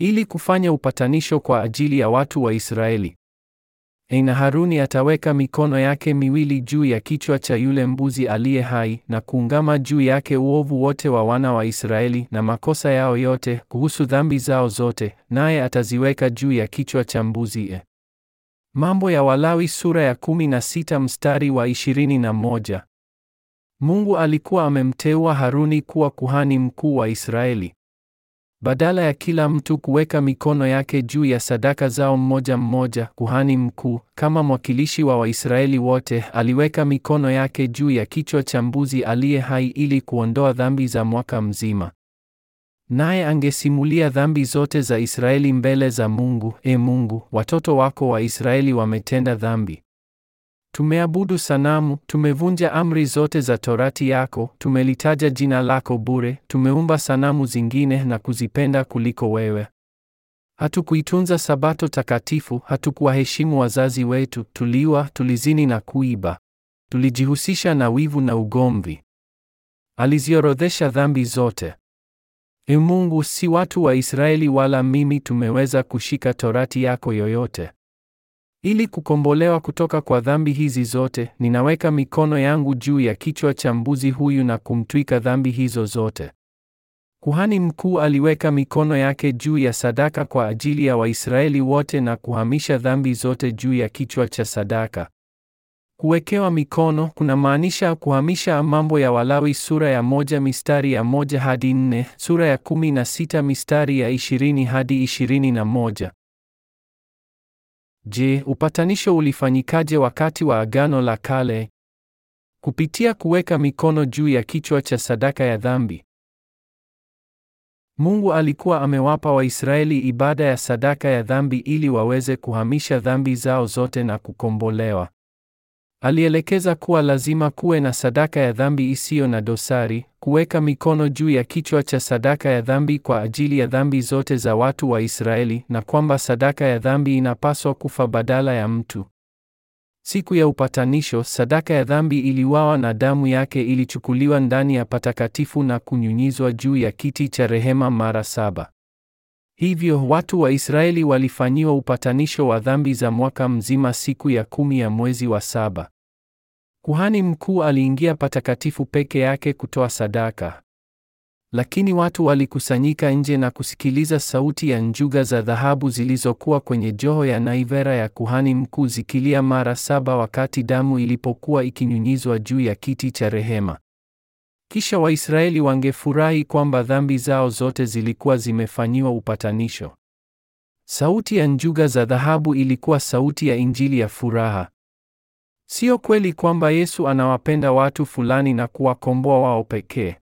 ili kufanya upatanisho kwa ajili ya watu wa Israeli. Eina Haruni ataweka mikono yake miwili juu ya kichwa cha yule mbuzi aliye hai na kuungama juu yake uovu wote wa wana wa Israeli na makosa yao yote kuhusu dhambi zao zote, naye ataziweka juu ya kichwa cha mbuzi e. Mambo ya Walawi sura ya 16 mstari wa 21. Mungu alikuwa amemteua Haruni kuwa kuhani mkuu wa Israeli. Badala ya kila mtu kuweka mikono yake juu ya sadaka zao mmoja mmoja, kuhani mkuu, kama mwakilishi wa Waisraeli wote, aliweka mikono yake juu ya kichwa cha mbuzi aliye hai ili kuondoa dhambi za mwaka mzima. Naye angesimulia dhambi zote za Israeli mbele za Mungu, E Mungu, watoto wako wa Israeli wametenda dhambi. Tumeabudu sanamu, tumevunja amri zote za torati yako, tumelitaja jina lako bure, tumeumba sanamu zingine na kuzipenda kuliko wewe. Hatukuitunza sabato takatifu, hatukuwaheshimu wazazi wetu, tuliwa, tulizini na kuiba. Tulijihusisha na wivu na ugomvi. Aliziorodhesha dhambi zote. E Mungu, si watu wa Israeli wala mimi tumeweza kushika torati yako yoyote. Ili kukombolewa kutoka kwa dhambi hizi zote, ninaweka mikono yangu juu ya kichwa cha mbuzi huyu na kumtwika dhambi hizo zote. Kuhani mkuu aliweka mikono yake juu ya sadaka kwa ajili ya Waisraeli wote na kuhamisha dhambi zote juu ya kichwa cha sadaka. Kuwekewa mikono kunamaanisha kuhamisha Mambo ya Walawi sura ya moja mistari ya moja hadi nne, sura ya kumi na sita mistari ya ishirini hadi ishirini na moja. Je, upatanisho ulifanyikaje wakati wa Agano la Kale? Kupitia kuweka mikono juu ya kichwa cha sadaka ya dhambi. Mungu alikuwa amewapa Waisraeli ibada ya sadaka ya dhambi ili waweze kuhamisha dhambi zao zote na kukombolewa. Alielekeza kuwa lazima kuwe na sadaka ya dhambi isiyo na dosari, kuweka mikono juu ya kichwa cha sadaka ya dhambi kwa ajili ya dhambi zote za watu wa Israeli na kwamba sadaka ya dhambi inapaswa kufa badala ya mtu. Siku ya upatanisho, sadaka ya dhambi iliwawa na damu yake ilichukuliwa ndani ya patakatifu na kunyunyizwa juu ya kiti cha rehema mara saba. Hivyo watu wa Israeli walifanyiwa upatanisho wa dhambi za mwaka mzima siku ya kumi ya mwezi wa saba. Kuhani mkuu aliingia patakatifu peke yake kutoa sadaka. Lakini watu walikusanyika nje na kusikiliza sauti ya njuga za dhahabu zilizokuwa kwenye joho ya naivera ya kuhani mkuu zikilia mara saba wakati damu ilipokuwa ikinyunyizwa juu ya kiti cha rehema. Kisha Waisraeli wangefurahi kwamba dhambi zao zote zilikuwa zimefanyiwa upatanisho. Sauti ya njuga za dhahabu ilikuwa sauti ya injili ya furaha. Sio kweli kwamba Yesu anawapenda watu fulani na kuwakomboa wao pekee.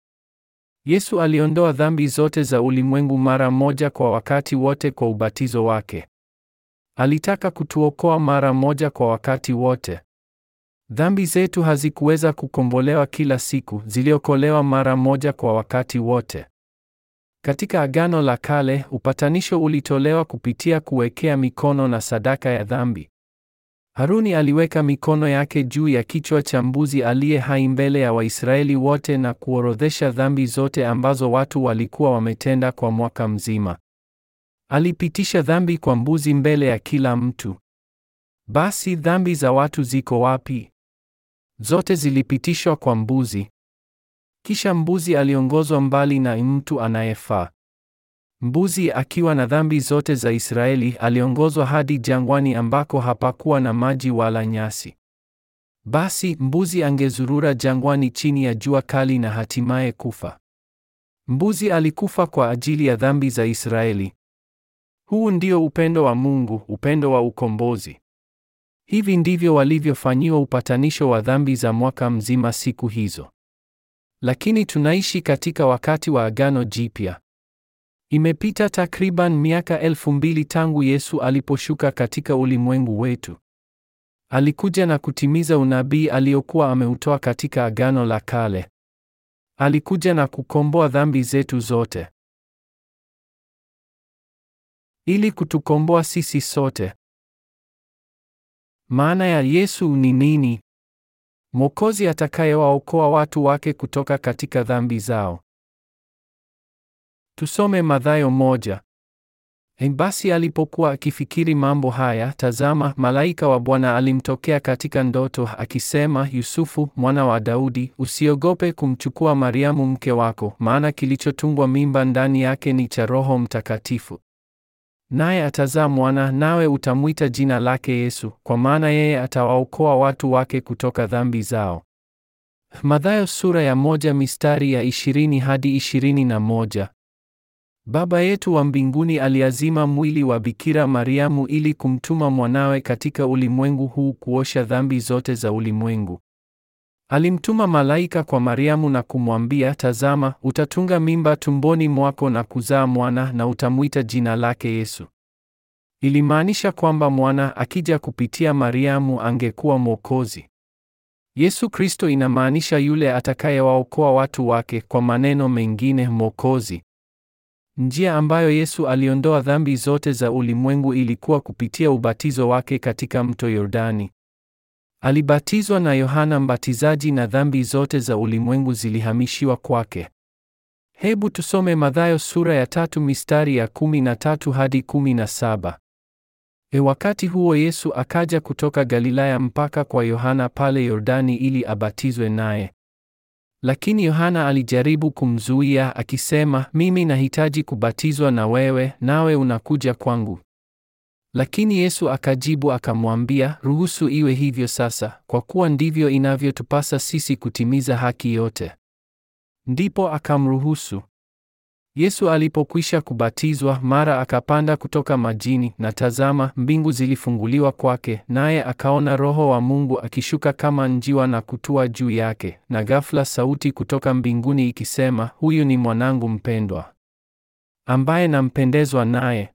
Yesu aliondoa dhambi zote za ulimwengu mara moja kwa wakati wote kwa ubatizo wake. Alitaka kutuokoa mara moja kwa wakati wote. Dhambi zetu hazikuweza kukombolewa kila siku, ziliokolewa mara moja kwa wakati wote. Katika Agano la Kale, upatanisho ulitolewa kupitia kuwekea mikono na sadaka ya dhambi. Haruni aliweka mikono yake juu ya kichwa cha mbuzi aliye hai mbele ya Waisraeli wote na kuorodhesha dhambi zote ambazo watu walikuwa wametenda kwa mwaka mzima. Alipitisha dhambi kwa mbuzi mbele ya kila mtu. Basi dhambi za watu ziko wapi? Zote zilipitishwa kwa mbuzi. Kisha mbuzi aliongozwa mbali na mtu anayefaa. Mbuzi akiwa na dhambi zote za Israeli aliongozwa hadi jangwani ambako hapakuwa na maji wala nyasi. Basi mbuzi angezurura jangwani chini ya jua kali na hatimaye kufa. Mbuzi alikufa kwa ajili ya dhambi za Israeli. Huu ndio upendo wa Mungu, upendo wa ukombozi. Hivi ndivyo walivyofanyiwa upatanisho wa dhambi za mwaka mzima siku hizo. Lakini tunaishi katika wakati wa Agano Jipya. Imepita takriban miaka elfu mbili tangu Yesu aliposhuka katika ulimwengu wetu. Alikuja na kutimiza unabii aliokuwa ameutoa katika Agano la Kale. Alikuja na kukomboa dhambi zetu zote. Ili kutukomboa sisi sote. Maana ya Yesu ni nini? Mwokozi atakayewaokoa watu wake kutoka katika dhambi zao. Tusome Mathayo moja. E, basi alipokuwa akifikiri mambo haya, tazama, malaika wa Bwana alimtokea katika ndoto akisema, Yusufu mwana wa Daudi, usiogope kumchukua Mariamu mke wako, maana kilichotungwa mimba ndani yake ni cha Roho Mtakatifu. Naye atazaa mwana, nawe utamwita jina lake Yesu, kwa maana yeye atawaokoa watu wake kutoka dhambi zao. Mathayo sura ya moja mistari ya ishirini hadi ishirini na moja. Baba yetu wa mbinguni aliazima mwili wa Bikira Mariamu ili kumtuma mwanawe katika ulimwengu huu kuosha dhambi zote za ulimwengu. Alimtuma malaika kwa Mariamu na kumwambia, tazama, utatunga mimba tumboni mwako na kuzaa mwana na utamwita jina lake Yesu. Ilimaanisha kwamba mwana akija kupitia Mariamu angekuwa mwokozi. Yesu Kristo inamaanisha yule atakayewaokoa watu wake, kwa maneno mengine, mwokozi. Njia ambayo Yesu aliondoa dhambi zote za ulimwengu ilikuwa kupitia ubatizo wake katika mto Yordani. Alibatizwa na Yohana Mbatizaji na dhambi zote za ulimwengu zilihamishiwa kwake. Hebu tusome Mathayo sura ya tatu mistari ya kumi na tatu hadi kumi na saba. E, wakati huo Yesu akaja kutoka Galilaya mpaka kwa Yohana pale Yordani ili abatizwe naye. Lakini Yohana alijaribu kumzuia akisema, mimi nahitaji kubatizwa na wewe, nawe unakuja kwangu. Lakini Yesu akajibu akamwambia, ruhusu iwe hivyo sasa, kwa kuwa ndivyo inavyotupasa sisi kutimiza haki yote. Ndipo akamruhusu. Yesu alipokwisha kubatizwa, mara akapanda kutoka majini, na tazama, mbingu zilifunguliwa kwake, naye akaona Roho wa Mungu akishuka kama njiwa na kutua juu yake, na ghafla sauti kutoka mbinguni ikisema, huyu ni mwanangu mpendwa, ambaye nampendezwa naye.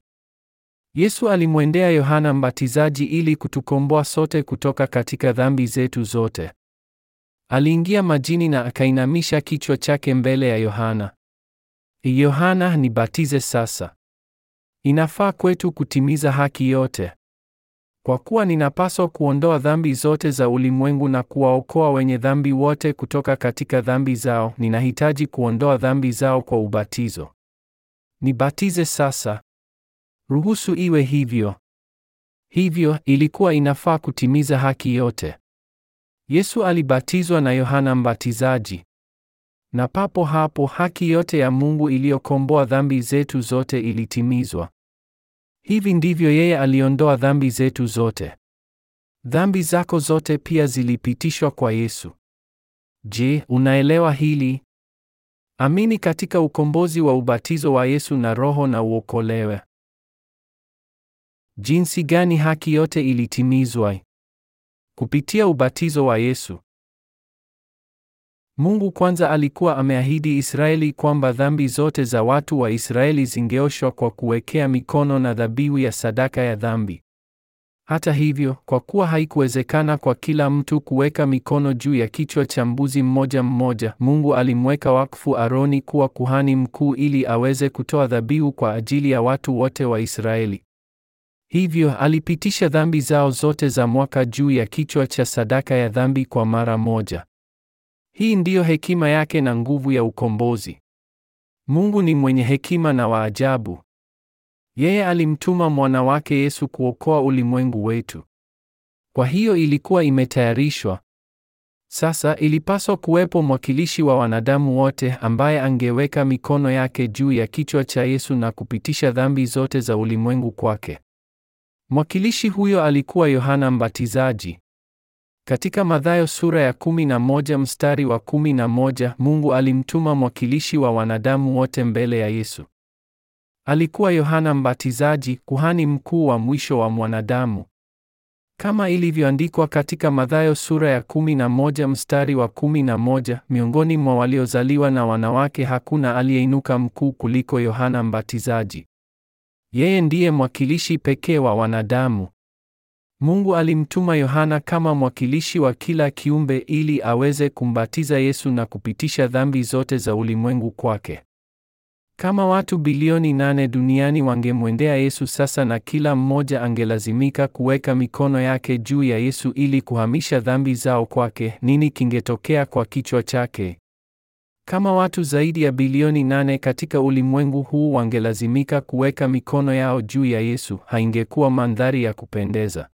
Yesu alimwendea Yohana Mbatizaji ili kutukomboa sote kutoka katika dhambi zetu zote. Aliingia majini na akainamisha kichwa chake mbele ya Yohana. Yohana, nibatize sasa. Inafaa kwetu kutimiza haki yote. Kwa kuwa ninapaswa kuondoa dhambi zote za ulimwengu na kuwaokoa wenye dhambi wote kutoka katika dhambi zao, ninahitaji kuondoa dhambi zao kwa ubatizo. Nibatize sasa. Ruhusu iwe hivyo. Hivyo ilikuwa inafaa kutimiza haki yote. Yesu alibatizwa na Yohana Mbatizaji. Na papo hapo haki yote ya Mungu iliyokomboa dhambi zetu zote ilitimizwa. Hivi ndivyo yeye aliondoa dhambi zetu zote. Dhambi zako zote pia zilipitishwa kwa Yesu. Je, unaelewa hili? Amini katika ukombozi wa ubatizo wa Yesu na Roho na uokolewe. Jinsi gani haki yote ilitimizwa kupitia ubatizo wa Yesu. Mungu kwanza alikuwa ameahidi Israeli kwamba dhambi zote za watu wa Israeli zingeoshwa kwa kuwekea mikono na dhabihu ya sadaka ya dhambi. Hata hivyo, kwa kuwa haikuwezekana kwa kila mtu kuweka mikono juu ya kichwa cha mbuzi mmoja mmoja, Mungu alimweka wakfu Aroni kuwa kuhani mkuu ili aweze kutoa dhabihu kwa ajili ya watu wote wa Israeli. Hivyo alipitisha dhambi zao zote za mwaka juu ya kichwa cha sadaka ya dhambi kwa mara moja. Hii ndiyo hekima yake na nguvu ya ukombozi. Mungu ni mwenye hekima na waajabu. Yeye alimtuma mwana wake Yesu kuokoa ulimwengu wetu. Kwa hiyo ilikuwa imetayarishwa. Sasa ilipaswa kuwepo mwakilishi wa wanadamu wote ambaye angeweka mikono yake juu ya kichwa cha Yesu na kupitisha dhambi zote za ulimwengu kwake. Mwakilishi huyo alikuwa Yohana Mbatizaji. Katika Mathayo sura ya 11 mstari wa 11, Mungu alimtuma mwakilishi wa wanadamu wote mbele ya Yesu. Alikuwa Yohana Mbatizaji, kuhani mkuu wa mwisho wa mwanadamu. Kama ilivyoandikwa katika Mathayo sura ya 11 mstari wa 11, miongoni mwa waliozaliwa na wanawake hakuna aliyeinuka mkuu kuliko Yohana Mbatizaji. Yeye ndiye mwakilishi pekee wa wanadamu. Mungu alimtuma Yohana kama mwakilishi wa kila kiumbe ili aweze kumbatiza Yesu na kupitisha dhambi zote za ulimwengu kwake. Kama watu bilioni nane duniani wangemwendea Yesu sasa na kila mmoja angelazimika kuweka mikono yake juu ya Yesu ili kuhamisha dhambi zao kwake, nini kingetokea kwa kichwa chake? Kama watu zaidi ya bilioni nane katika ulimwengu huu wangelazimika kuweka mikono yao juu ya Yesu, haingekuwa mandhari ya kupendeza.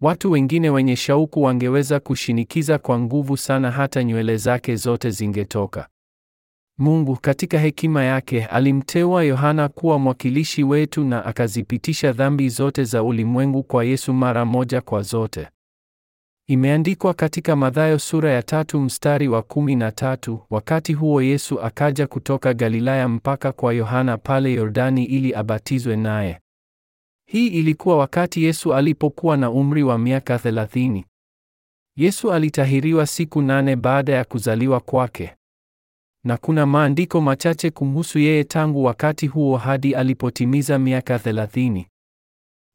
Watu wengine wenye shauku wangeweza kushinikiza kwa nguvu sana, hata nywele zake zote zingetoka. Mungu katika hekima yake alimteua Yohana kuwa mwakilishi wetu na akazipitisha dhambi zote za ulimwengu kwa Yesu mara moja kwa zote. Imeandikwa katika Mathayo sura ya tatu mstari wa kumi na tatu, wakati huo Yesu akaja kutoka Galilaya mpaka kwa Yohana pale Yordani ili abatizwe naye. Hii ilikuwa wakati Yesu alipokuwa na umri wa miaka thelathini. Yesu alitahiriwa siku nane baada ya kuzaliwa kwake. Na kuna maandiko machache kumhusu yeye tangu wakati huo hadi alipotimiza miaka thelathini.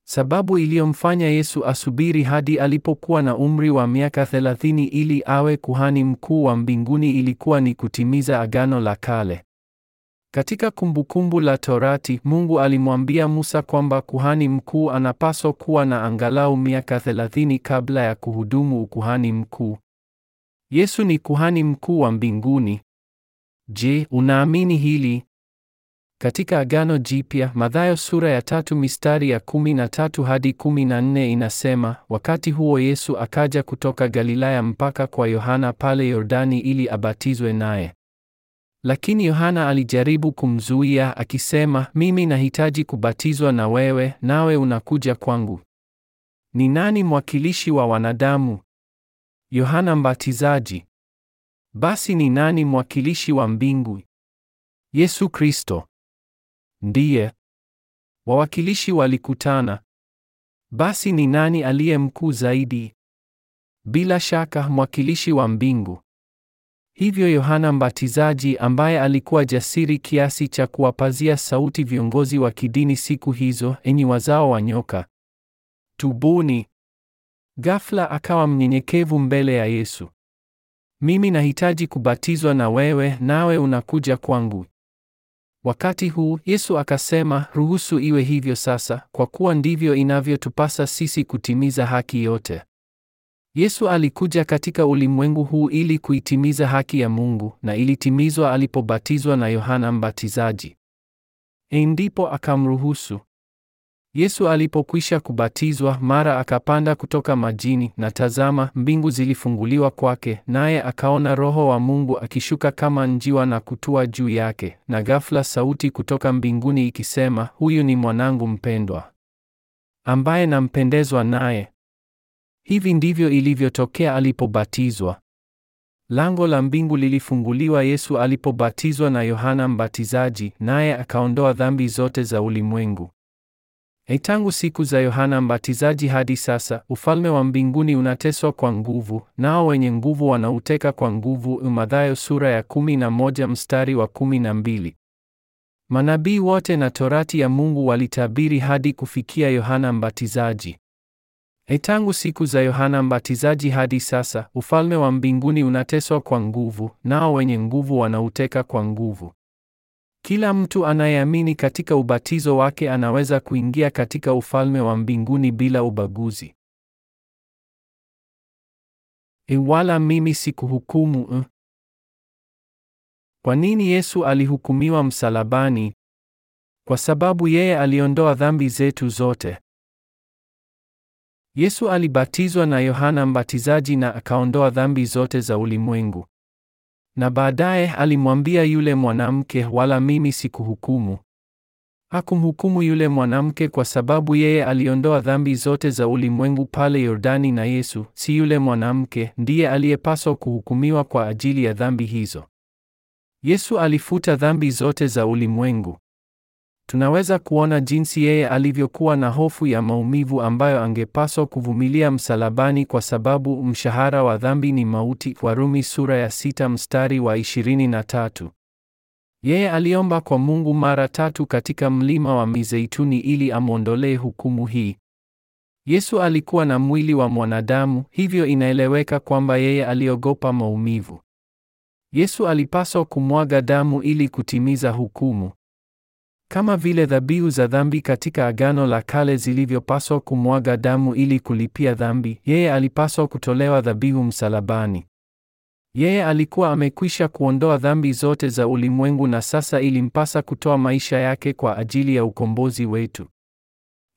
Sababu iliyomfanya Yesu asubiri hadi alipokuwa na umri wa miaka 30 ili awe kuhani mkuu wa mbinguni ilikuwa ni kutimiza agano la kale. Katika Kumbukumbu la Torati, Mungu alimwambia Musa kwamba kuhani mkuu anapaswa kuwa na angalau miaka 30 kabla ya kuhudumu ukuhani mkuu. Yesu ni kuhani mkuu wa mbinguni. Je, unaamini hili? Katika Agano Jipya, Mathayo sura ya tatu mistari ya kumi na tatu hadi kumi na nne inasema, wakati huo Yesu akaja kutoka Galilaya mpaka kwa Yohana pale Yordani ili abatizwe naye. Lakini Yohana alijaribu kumzuia akisema, mimi nahitaji kubatizwa na wewe, nawe unakuja kwangu. Ni nani mwakilishi wa wanadamu? Yohana Mbatizaji. Basi ni nani mwakilishi wa mbingu? Yesu Kristo. Ndiye. Wawakilishi walikutana. Basi ni nani aliye mkuu zaidi? Bila shaka mwakilishi wa mbingu. Hivyo Yohana Mbatizaji ambaye alikuwa jasiri kiasi cha kuwapazia sauti viongozi wa kidini siku hizo, enyi wazao wa nyoka, tubuni. Ghafla akawa mnyenyekevu mbele ya Yesu. Mimi nahitaji kubatizwa na wewe, nawe unakuja kwangu. Wakati huu Yesu akasema, ruhusu iwe hivyo sasa, kwa kuwa ndivyo inavyotupasa sisi kutimiza haki yote. Yesu alikuja katika ulimwengu huu ili kuitimiza haki ya Mungu, na ilitimizwa alipobatizwa na Yohana Mbatizaji. Ndipo akamruhusu. Yesu alipokwisha kubatizwa, mara akapanda kutoka majini, na tazama, mbingu zilifunguliwa kwake, naye akaona Roho wa Mungu akishuka kama njiwa na kutua juu yake, na ghafla sauti kutoka mbinguni ikisema, huyu ni mwanangu mpendwa, ambaye nampendezwa naye. Hivi ndivyo ilivyotokea alipobatizwa. Lango la mbingu lilifunguliwa Yesu alipobatizwa na Yohana Mbatizaji, naye akaondoa dhambi zote za ulimwengu. E, tangu siku za Yohana Mbatizaji hadi sasa ufalme wa mbinguni unateswa kwa nguvu, nao wenye nguvu wanauteka kwa nguvu. Mathayo sura ya 11 mstari wa 12. Manabii wote na torati ya Mungu walitabiri hadi kufikia Yohana Mbatizaji. E, tangu siku za Yohana Mbatizaji hadi sasa ufalme wa mbinguni unateswa kwa nguvu, nao wenye nguvu wanauteka kwa nguvu. Kila mtu anayeamini katika ubatizo wake anaweza kuingia katika ufalme wa mbinguni bila ubaguzi. E, wala mimi sikuhukumu. Eh. Kwa nini Yesu alihukumiwa msalabani? Kwa sababu yeye aliondoa dhambi zetu zote. Yesu alibatizwa na Yohana Mbatizaji na akaondoa dhambi zote za ulimwengu. Na baadaye alimwambia yule mwanamke, wala mimi sikuhukumu. Hakumhukumu yule mwanamke kwa sababu yeye aliondoa dhambi zote za ulimwengu pale Yordani, na Yesu, si yule mwanamke, ndiye aliyepaswa kuhukumiwa kwa ajili ya dhambi hizo. Yesu alifuta dhambi zote za ulimwengu tunaweza kuona jinsi yeye alivyokuwa na hofu ya maumivu ambayo angepaswa kuvumilia msalabani kwa sababu mshahara wa dhambi ni mauti, Warumi sura ya sita mstari wa 23. Yeye aliomba kwa Mungu mara tatu katika mlima wa Mizeituni ili amwondolee hukumu hii. Yesu alikuwa na mwili wa mwanadamu, hivyo inaeleweka kwamba yeye aliogopa maumivu. Yesu alipaswa kumwaga damu ili kutimiza hukumu. Kama vile dhabihu za dhambi katika Agano la Kale zilivyopaswa kumwaga damu ili kulipia dhambi, yeye alipaswa kutolewa dhabihu msalabani. Yeye alikuwa amekwisha kuondoa dhambi zote za ulimwengu na sasa ilimpasa kutoa maisha yake kwa ajili ya ukombozi wetu.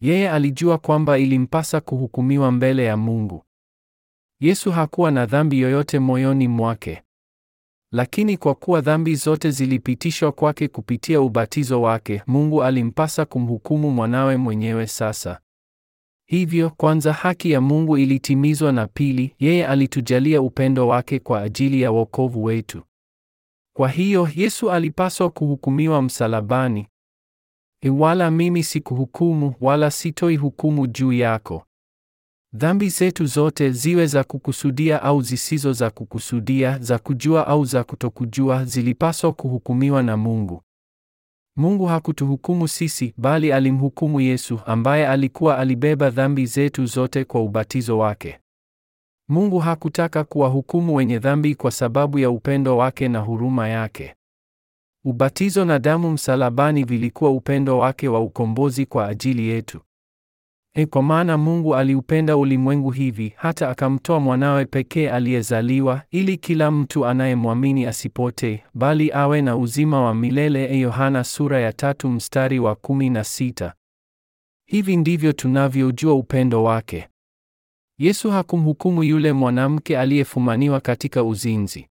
Yeye alijua kwamba ilimpasa kuhukumiwa mbele ya Mungu. Yesu hakuwa na dhambi yoyote moyoni mwake. Lakini kwa kuwa dhambi zote zilipitishwa kwake kupitia ubatizo wake, Mungu alimpasa kumhukumu mwanawe mwenyewe sasa. Hivyo kwanza haki ya Mungu ilitimizwa na pili, yeye alitujalia upendo wake kwa ajili ya wokovu wetu. Kwa hiyo Yesu alipaswa kuhukumiwa msalabani. Wala mimi sikuhukumu wala sitoi hukumu juu yako. Dhambi zetu zote ziwe za kukusudia au zisizo za kukusudia, za kujua au za kutokujua, zilipaswa kuhukumiwa na Mungu. Mungu hakutuhukumu sisi, bali alimhukumu Yesu ambaye alikuwa alibeba dhambi zetu zote kwa ubatizo wake. Mungu hakutaka kuwahukumu wenye dhambi kwa sababu ya upendo wake na huruma yake. Ubatizo na damu msalabani vilikuwa upendo wake wa ukombozi kwa ajili yetu. E, kwa maana Mungu aliupenda ulimwengu hivi hata akamtoa mwanawe pekee aliyezaliwa, ili kila mtu anayemwamini asipote bali awe na uzima wa milele. Eh, Yohana sura ya tatu mstari wa kumi na sita. Hivi ndivyo tunavyojua upendo wake. Yesu hakumhukumu yule mwanamke aliyefumaniwa katika uzinzi.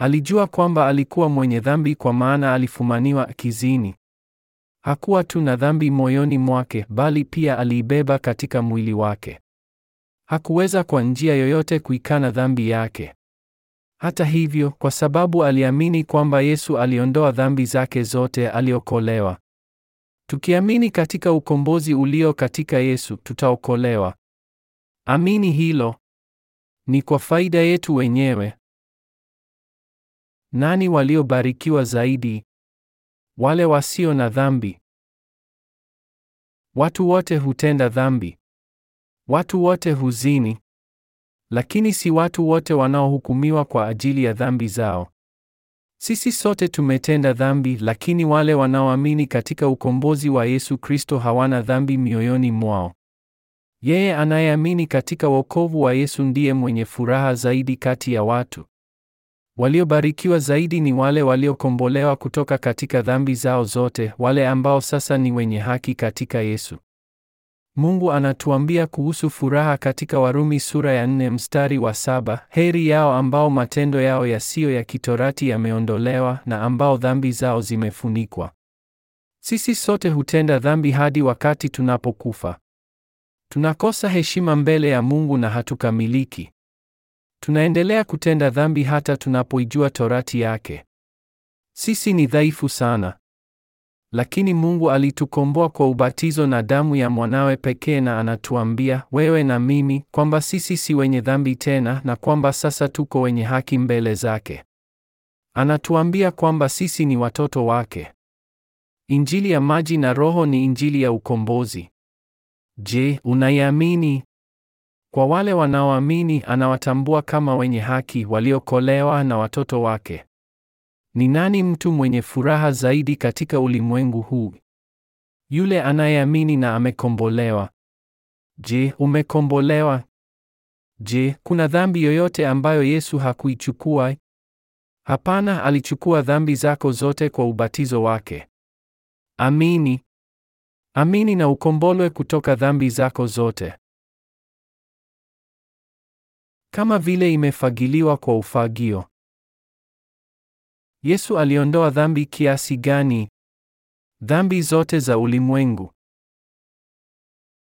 Alijua kwamba alikuwa mwenye dhambi, kwa maana alifumaniwa kizini. Hakuwa tu na dhambi moyoni mwake, bali pia aliibeba katika mwili wake. Hakuweza kwa njia yoyote kuikana dhambi yake. Hata hivyo, kwa sababu aliamini kwamba Yesu aliondoa dhambi zake zote, aliokolewa. Tukiamini katika ukombozi ulio katika Yesu, tutaokolewa. Amini hilo. Ni kwa faida yetu wenyewe. Nani waliobarikiwa zaidi? wale wasio na dhambi. Watu wote hutenda dhambi. Watu wote huzini. Lakini si watu wote wanaohukumiwa kwa ajili ya dhambi zao. Sisi sote tumetenda dhambi, lakini wale wanaoamini katika ukombozi wa Yesu Kristo hawana dhambi mioyoni mwao. Yeye anayeamini katika wokovu wa Yesu ndiye mwenye furaha zaidi kati ya watu. Waliobarikiwa zaidi ni wale waliokombolewa kutoka katika dhambi zao zote, wale ambao sasa ni wenye haki katika Yesu. Mungu anatuambia kuhusu furaha katika Warumi sura ya nne mstari wa saba, heri yao ambao matendo yao yasiyo ya kitorati yameondolewa na ambao dhambi zao zimefunikwa. Sisi sote hutenda dhambi hadi wakati tunapokufa. Tunakosa heshima mbele ya Mungu na hatukamiliki. Tunaendelea kutenda dhambi hata tunapoijua torati yake. Sisi ni dhaifu sana, lakini Mungu alitukomboa kwa ubatizo na damu ya mwanawe pekee, na anatuambia wewe na mimi kwamba sisi si wenye dhambi tena, na kwamba sasa tuko wenye haki mbele zake. Anatuambia kwamba sisi ni watoto wake. Injili ya maji na Roho ni injili ya ukombozi. Je, unaiamini? Kwa wale wanaoamini anawatambua kama wenye haki waliokolewa na watoto wake. Ni nani mtu mwenye furaha zaidi katika ulimwengu huu? Yule anayeamini na amekombolewa. Je, umekombolewa? Je, kuna dhambi yoyote ambayo Yesu hakuichukua? Hapana, alichukua dhambi zako zote kwa ubatizo wake. Amini. Amini na ukombolwe kutoka dhambi zako zote kama vile imefagiliwa kwa ufagio. Yesu aliondoa dhambi kiasi gani? Dhambi zote za ulimwengu.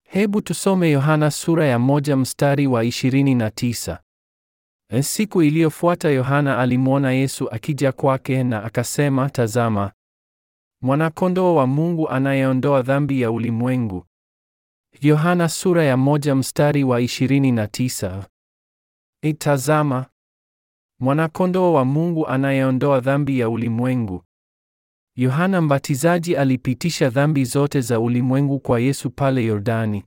Hebu tusome Yohana sura ya moja mstari wa 29. Siku iliyofuata Yohana alimwona Yesu akija kwake na akasema, tazama, mwanakondoo wa Mungu anayeondoa dhambi ya ulimwengu. Yohana sura ya moja mstari wa 29. Itazama mwanakondoo wa Mungu anayeondoa dhambi ya ulimwengu. Yohana Mbatizaji alipitisha dhambi zote za ulimwengu kwa Yesu pale Yordani.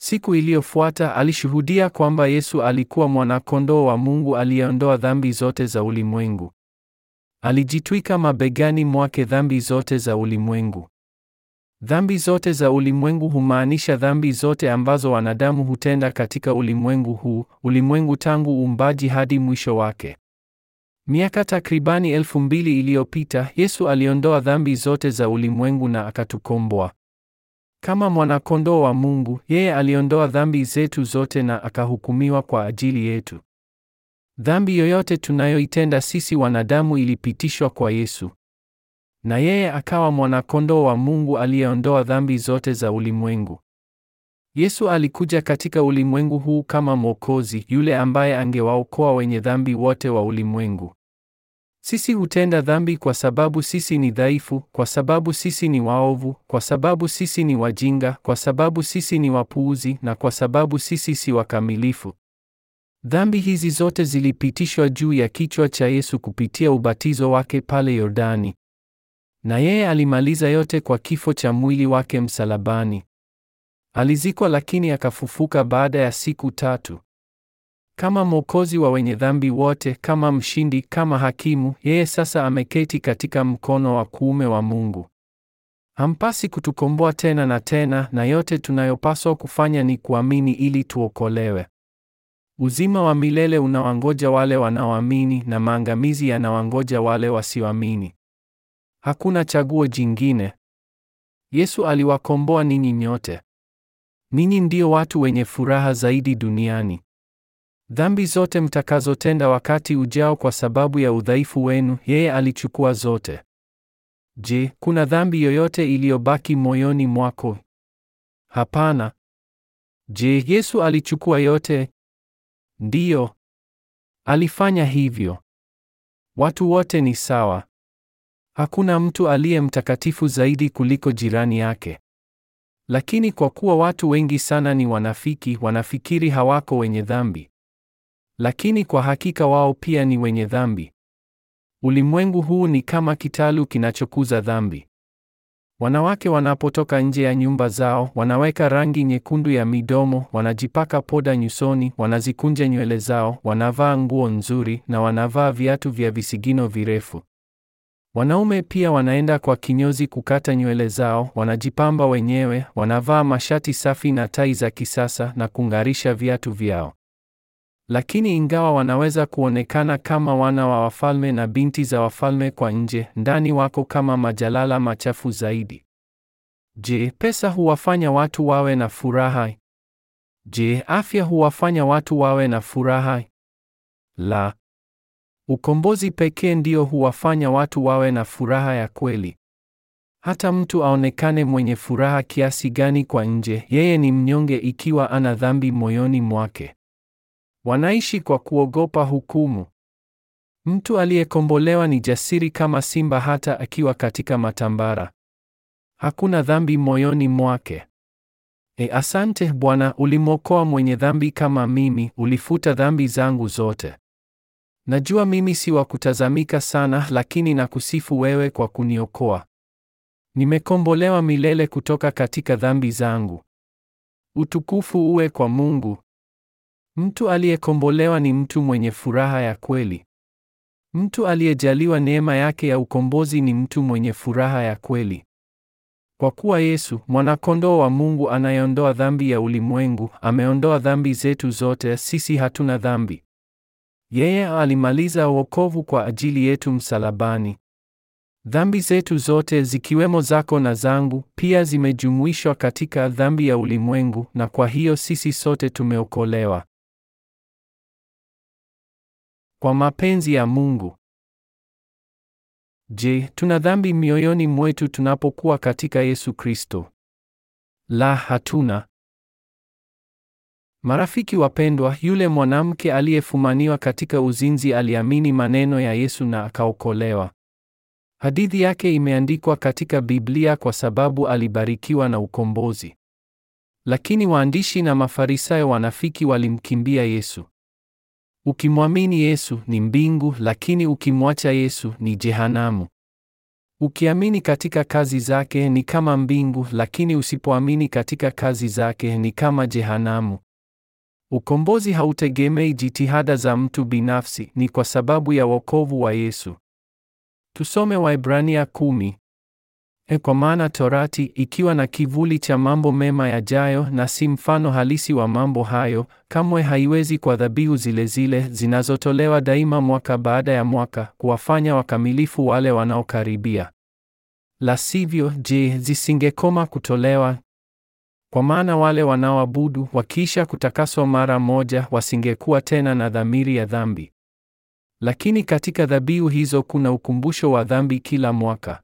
Siku iliyofuata alishuhudia kwamba Yesu alikuwa mwanakondoo wa Mungu aliyeondoa dhambi zote za ulimwengu. Alijitwika mabegani mwake dhambi zote za ulimwengu. Dhambi zote za ulimwengu humaanisha dhambi zote ambazo wanadamu hutenda katika ulimwengu huu, ulimwengu tangu uumbaji hadi mwisho wake. Miaka takribani elfu mbili iliyopita, Yesu aliondoa dhambi zote za ulimwengu na akatukomboa. Kama mwanakondoo wa Mungu, yeye aliondoa dhambi zetu zote na akahukumiwa kwa ajili yetu. Dhambi yoyote tunayoitenda sisi wanadamu ilipitishwa kwa Yesu. Na yeye akawa mwanakondoo wa Mungu aliyeondoa dhambi zote za ulimwengu. Yesu alikuja katika ulimwengu huu kama Mwokozi, yule ambaye angewaokoa wenye dhambi wote wa ulimwengu. Sisi hutenda dhambi kwa sababu sisi ni dhaifu, kwa sababu sisi ni waovu, kwa sababu sisi ni wajinga, kwa sababu sisi ni wapuuzi na kwa sababu sisi si wakamilifu. Dhambi hizi zote zilipitishwa juu ya kichwa cha Yesu kupitia ubatizo wake pale Yordani na yeye alimaliza yote kwa kifo cha mwili wake msalabani. Alizikwa lakini akafufuka baada ya siku tatu. Kama mwokozi wa wenye dhambi wote, kama mshindi, kama hakimu, yeye sasa ameketi katika mkono wa kuume wa Mungu. Hampasi kutukomboa tena na tena, na yote tunayopaswa kufanya ni kuamini ili tuokolewe. Uzima wa milele unawangoja wale wanaoamini, na maangamizi yanawangoja wale wasioamini. Hakuna chaguo jingine. Yesu aliwakomboa ninyi nyote. Ninyi ndio watu wenye furaha zaidi duniani. Dhambi zote mtakazotenda wakati ujao kwa sababu ya udhaifu wenu, yeye alichukua zote. Je, kuna dhambi yoyote iliyobaki moyoni mwako? Hapana. Je, Yesu alichukua yote? Ndiyo. Alifanya hivyo. Watu wote ni sawa. Hakuna mtu aliye mtakatifu zaidi kuliko jirani yake. Lakini kwa kuwa watu wengi sana ni wanafiki, wanafikiri hawako wenye dhambi. Lakini kwa hakika wao pia ni wenye dhambi. Ulimwengu huu ni kama kitalu kinachokuza dhambi. Wanawake wanapotoka nje ya nyumba zao, wanaweka rangi nyekundu ya midomo, wanajipaka poda nyusoni, wanazikunja nywele zao, wanavaa nguo nzuri na wanavaa viatu vya visigino virefu. Wanaume pia wanaenda kwa kinyozi kukata nywele zao, wanajipamba wenyewe, wanavaa mashati safi na tai za kisasa na kung'arisha viatu vyao. Lakini ingawa wanaweza kuonekana kama wana wa wafalme na binti za wafalme kwa nje, ndani wako kama majalala machafu zaidi. Je, pesa huwafanya watu wawe na furaha? Je, afya huwafanya watu wawe na furaha? La. Ukombozi pekee ndio huwafanya watu wawe na furaha ya kweli. Hata mtu aonekane mwenye furaha kiasi gani kwa nje, yeye ni mnyonge ikiwa ana dhambi moyoni mwake. Wanaishi kwa kuogopa hukumu. Mtu aliyekombolewa ni jasiri kama simba hata akiwa katika matambara. Hakuna dhambi moyoni mwake. E, asante Bwana, ulimwokoa mwenye dhambi kama mimi, ulifuta dhambi zangu zote. Najua mimi si wa kutazamika sana, lakini nakusifu wewe kwa kuniokoa. Nimekombolewa milele kutoka katika dhambi zangu. Utukufu uwe kwa Mungu. Mtu aliyekombolewa ni mtu mwenye furaha ya kweli. Mtu aliyejaliwa neema yake ya ukombozi ni mtu mwenye furaha ya kweli. Kwa kuwa Yesu, mwanakondoo wa Mungu anayeondoa dhambi ya ulimwengu, ameondoa dhambi zetu zote, sisi hatuna dhambi. Yeye alimaliza wokovu kwa ajili yetu msalabani. Dhambi zetu zote zikiwemo zako na zangu pia zimejumuishwa katika dhambi ya ulimwengu na kwa hiyo sisi sote tumeokolewa. Kwa mapenzi ya Mungu. Je, tuna dhambi mioyoni mwetu tunapokuwa katika Yesu Kristo? La, hatuna. Marafiki wapendwa, yule mwanamke aliyefumaniwa katika uzinzi aliamini maneno ya Yesu na akaokolewa. Hadithi yake imeandikwa katika Biblia kwa sababu alibarikiwa na ukombozi. Lakini waandishi na Mafarisayo wanafiki walimkimbia Yesu. Ukimwamini Yesu ni mbingu, lakini ukimwacha Yesu ni jehanamu. Ukiamini katika kazi zake ni kama mbingu, lakini usipoamini katika kazi zake ni kama jehanamu. Ukombozi hautegemei jitihada za mtu binafsi, ni kwa sababu ya wokovu wa Yesu. Tusome Waebrania kumi. E, kwa maana torati ikiwa na kivuli cha mambo mema yajayo na si mfano halisi wa mambo hayo, kamwe haiwezi kwa dhabihu zile zile zinazotolewa daima mwaka baada ya mwaka kuwafanya wakamilifu wale wanaokaribia. La sivyo, je, zisingekoma kutolewa? Kwa maana wale wanaoabudu wakiisha kutakaswa mara moja wasingekuwa tena na dhamiri ya dhambi. Lakini katika dhabihu hizo kuna ukumbusho wa dhambi kila mwaka.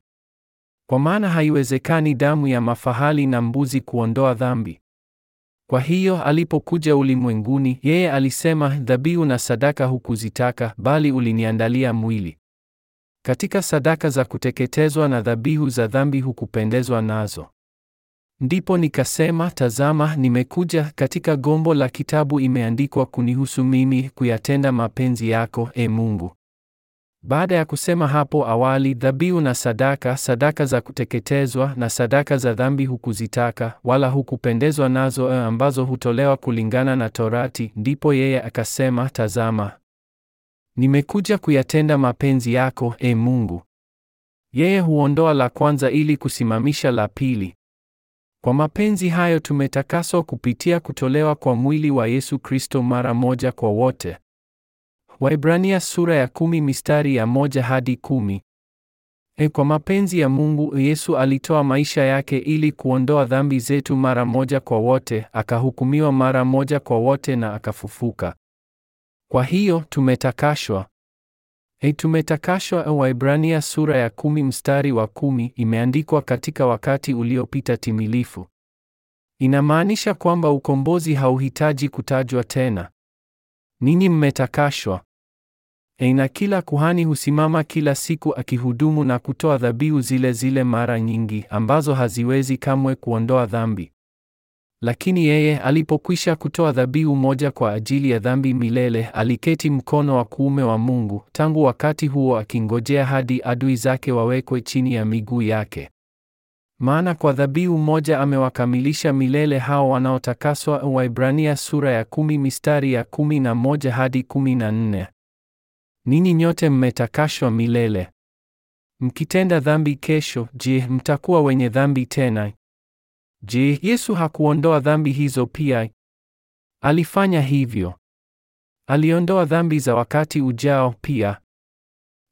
Kwa maana haiwezekani damu ya mafahali na mbuzi kuondoa dhambi. Kwa hiyo alipokuja ulimwenguni, yeye alisema, dhabihu na sadaka hukuzitaka, bali uliniandalia mwili. Katika sadaka za kuteketezwa na dhabihu za dhambi hukupendezwa nazo. Ndipo nikasema, tazama, nimekuja. Katika gombo la kitabu imeandikwa kunihusu mimi, kuyatenda mapenzi yako, e Mungu. Baada ya kusema hapo awali, dhabihu na sadaka, sadaka za kuteketezwa na sadaka za dhambi hukuzitaka, wala hukupendezwa nazo, e, ambazo hutolewa kulingana na Torati. Ndipo yeye akasema, tazama, nimekuja kuyatenda mapenzi yako, e Mungu. Yeye huondoa la kwanza ili kusimamisha la pili. Kwa mapenzi hayo tumetakaswa kupitia kutolewa kwa mwili wa Yesu Kristo mara moja kwa wote. Waibrania sura ya kumi mistari ya moja hadi kumi. E, kwa mapenzi ya Mungu Yesu alitoa maisha yake ili kuondoa dhambi zetu mara moja kwa wote, akahukumiwa mara moja kwa wote na akafufuka. Kwa hiyo tumetakashwa. Hey, tumetakashwa. Waibrania sura ya kumi mstari wa kumi imeandikwa katika wakati uliopita timilifu. Inamaanisha kwamba ukombozi hauhitaji kutajwa tena. Ninyi mmetakashwa. Hey, kila kuhani husimama kila siku akihudumu na kutoa dhabihu zile zile mara nyingi ambazo haziwezi kamwe kuondoa dhambi. Lakini yeye alipokwisha kutoa dhabihu moja kwa ajili ya dhambi milele, aliketi mkono wa kuume wa Mungu, tangu wakati huo akingojea hadi adui zake wawekwe chini ya miguu yake. Maana kwa dhabihu moja amewakamilisha milele hao wanaotakaswa. Waibrania sura ya kumi mistari ya kumi na moja hadi kumi na nne. Ninyi nyote mmetakashwa milele. Mkitenda dhambi kesho, je, mtakuwa wenye dhambi tena? Je, Yesu hakuondoa dhambi hizo pia? Alifanya hivyo. Aliondoa dhambi za wakati ujao pia.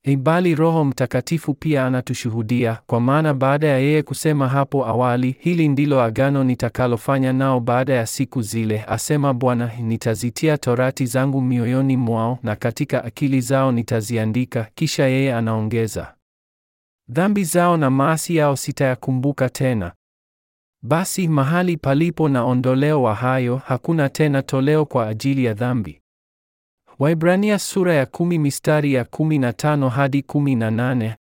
E, bali Roho Mtakatifu pia anatushuhudia, kwa maana baada ya yeye kusema hapo awali, hili ndilo agano nitakalofanya nao baada ya siku zile, asema Bwana, nitazitia torati zangu mioyoni mwao na katika akili zao nitaziandika. Kisha yeye anaongeza, dhambi zao na maasi yao sitayakumbuka tena. Basi mahali palipo na ondoleo wa hayo hakuna tena toleo kwa ajili ya dhambi. Waibrania sura ya kumi mistari ya kumi na tano hadi kumi na nane.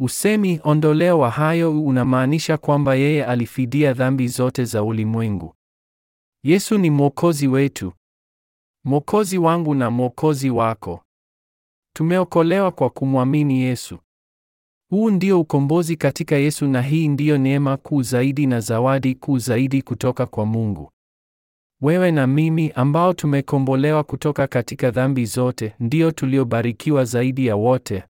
Usemi ondoleo wa hayo unamaanisha kwamba yeye alifidia dhambi zote za ulimwengu. Yesu ni mwokozi wetu, mwokozi wangu na mwokozi wako. Tumeokolewa kwa kumwamini Yesu. Huu ndio ukombozi katika Yesu na hii ndiyo neema kuu zaidi na zawadi kuu zaidi kutoka kwa Mungu. Wewe na mimi ambao tumekombolewa kutoka katika dhambi zote, ndio tuliobarikiwa zaidi ya wote.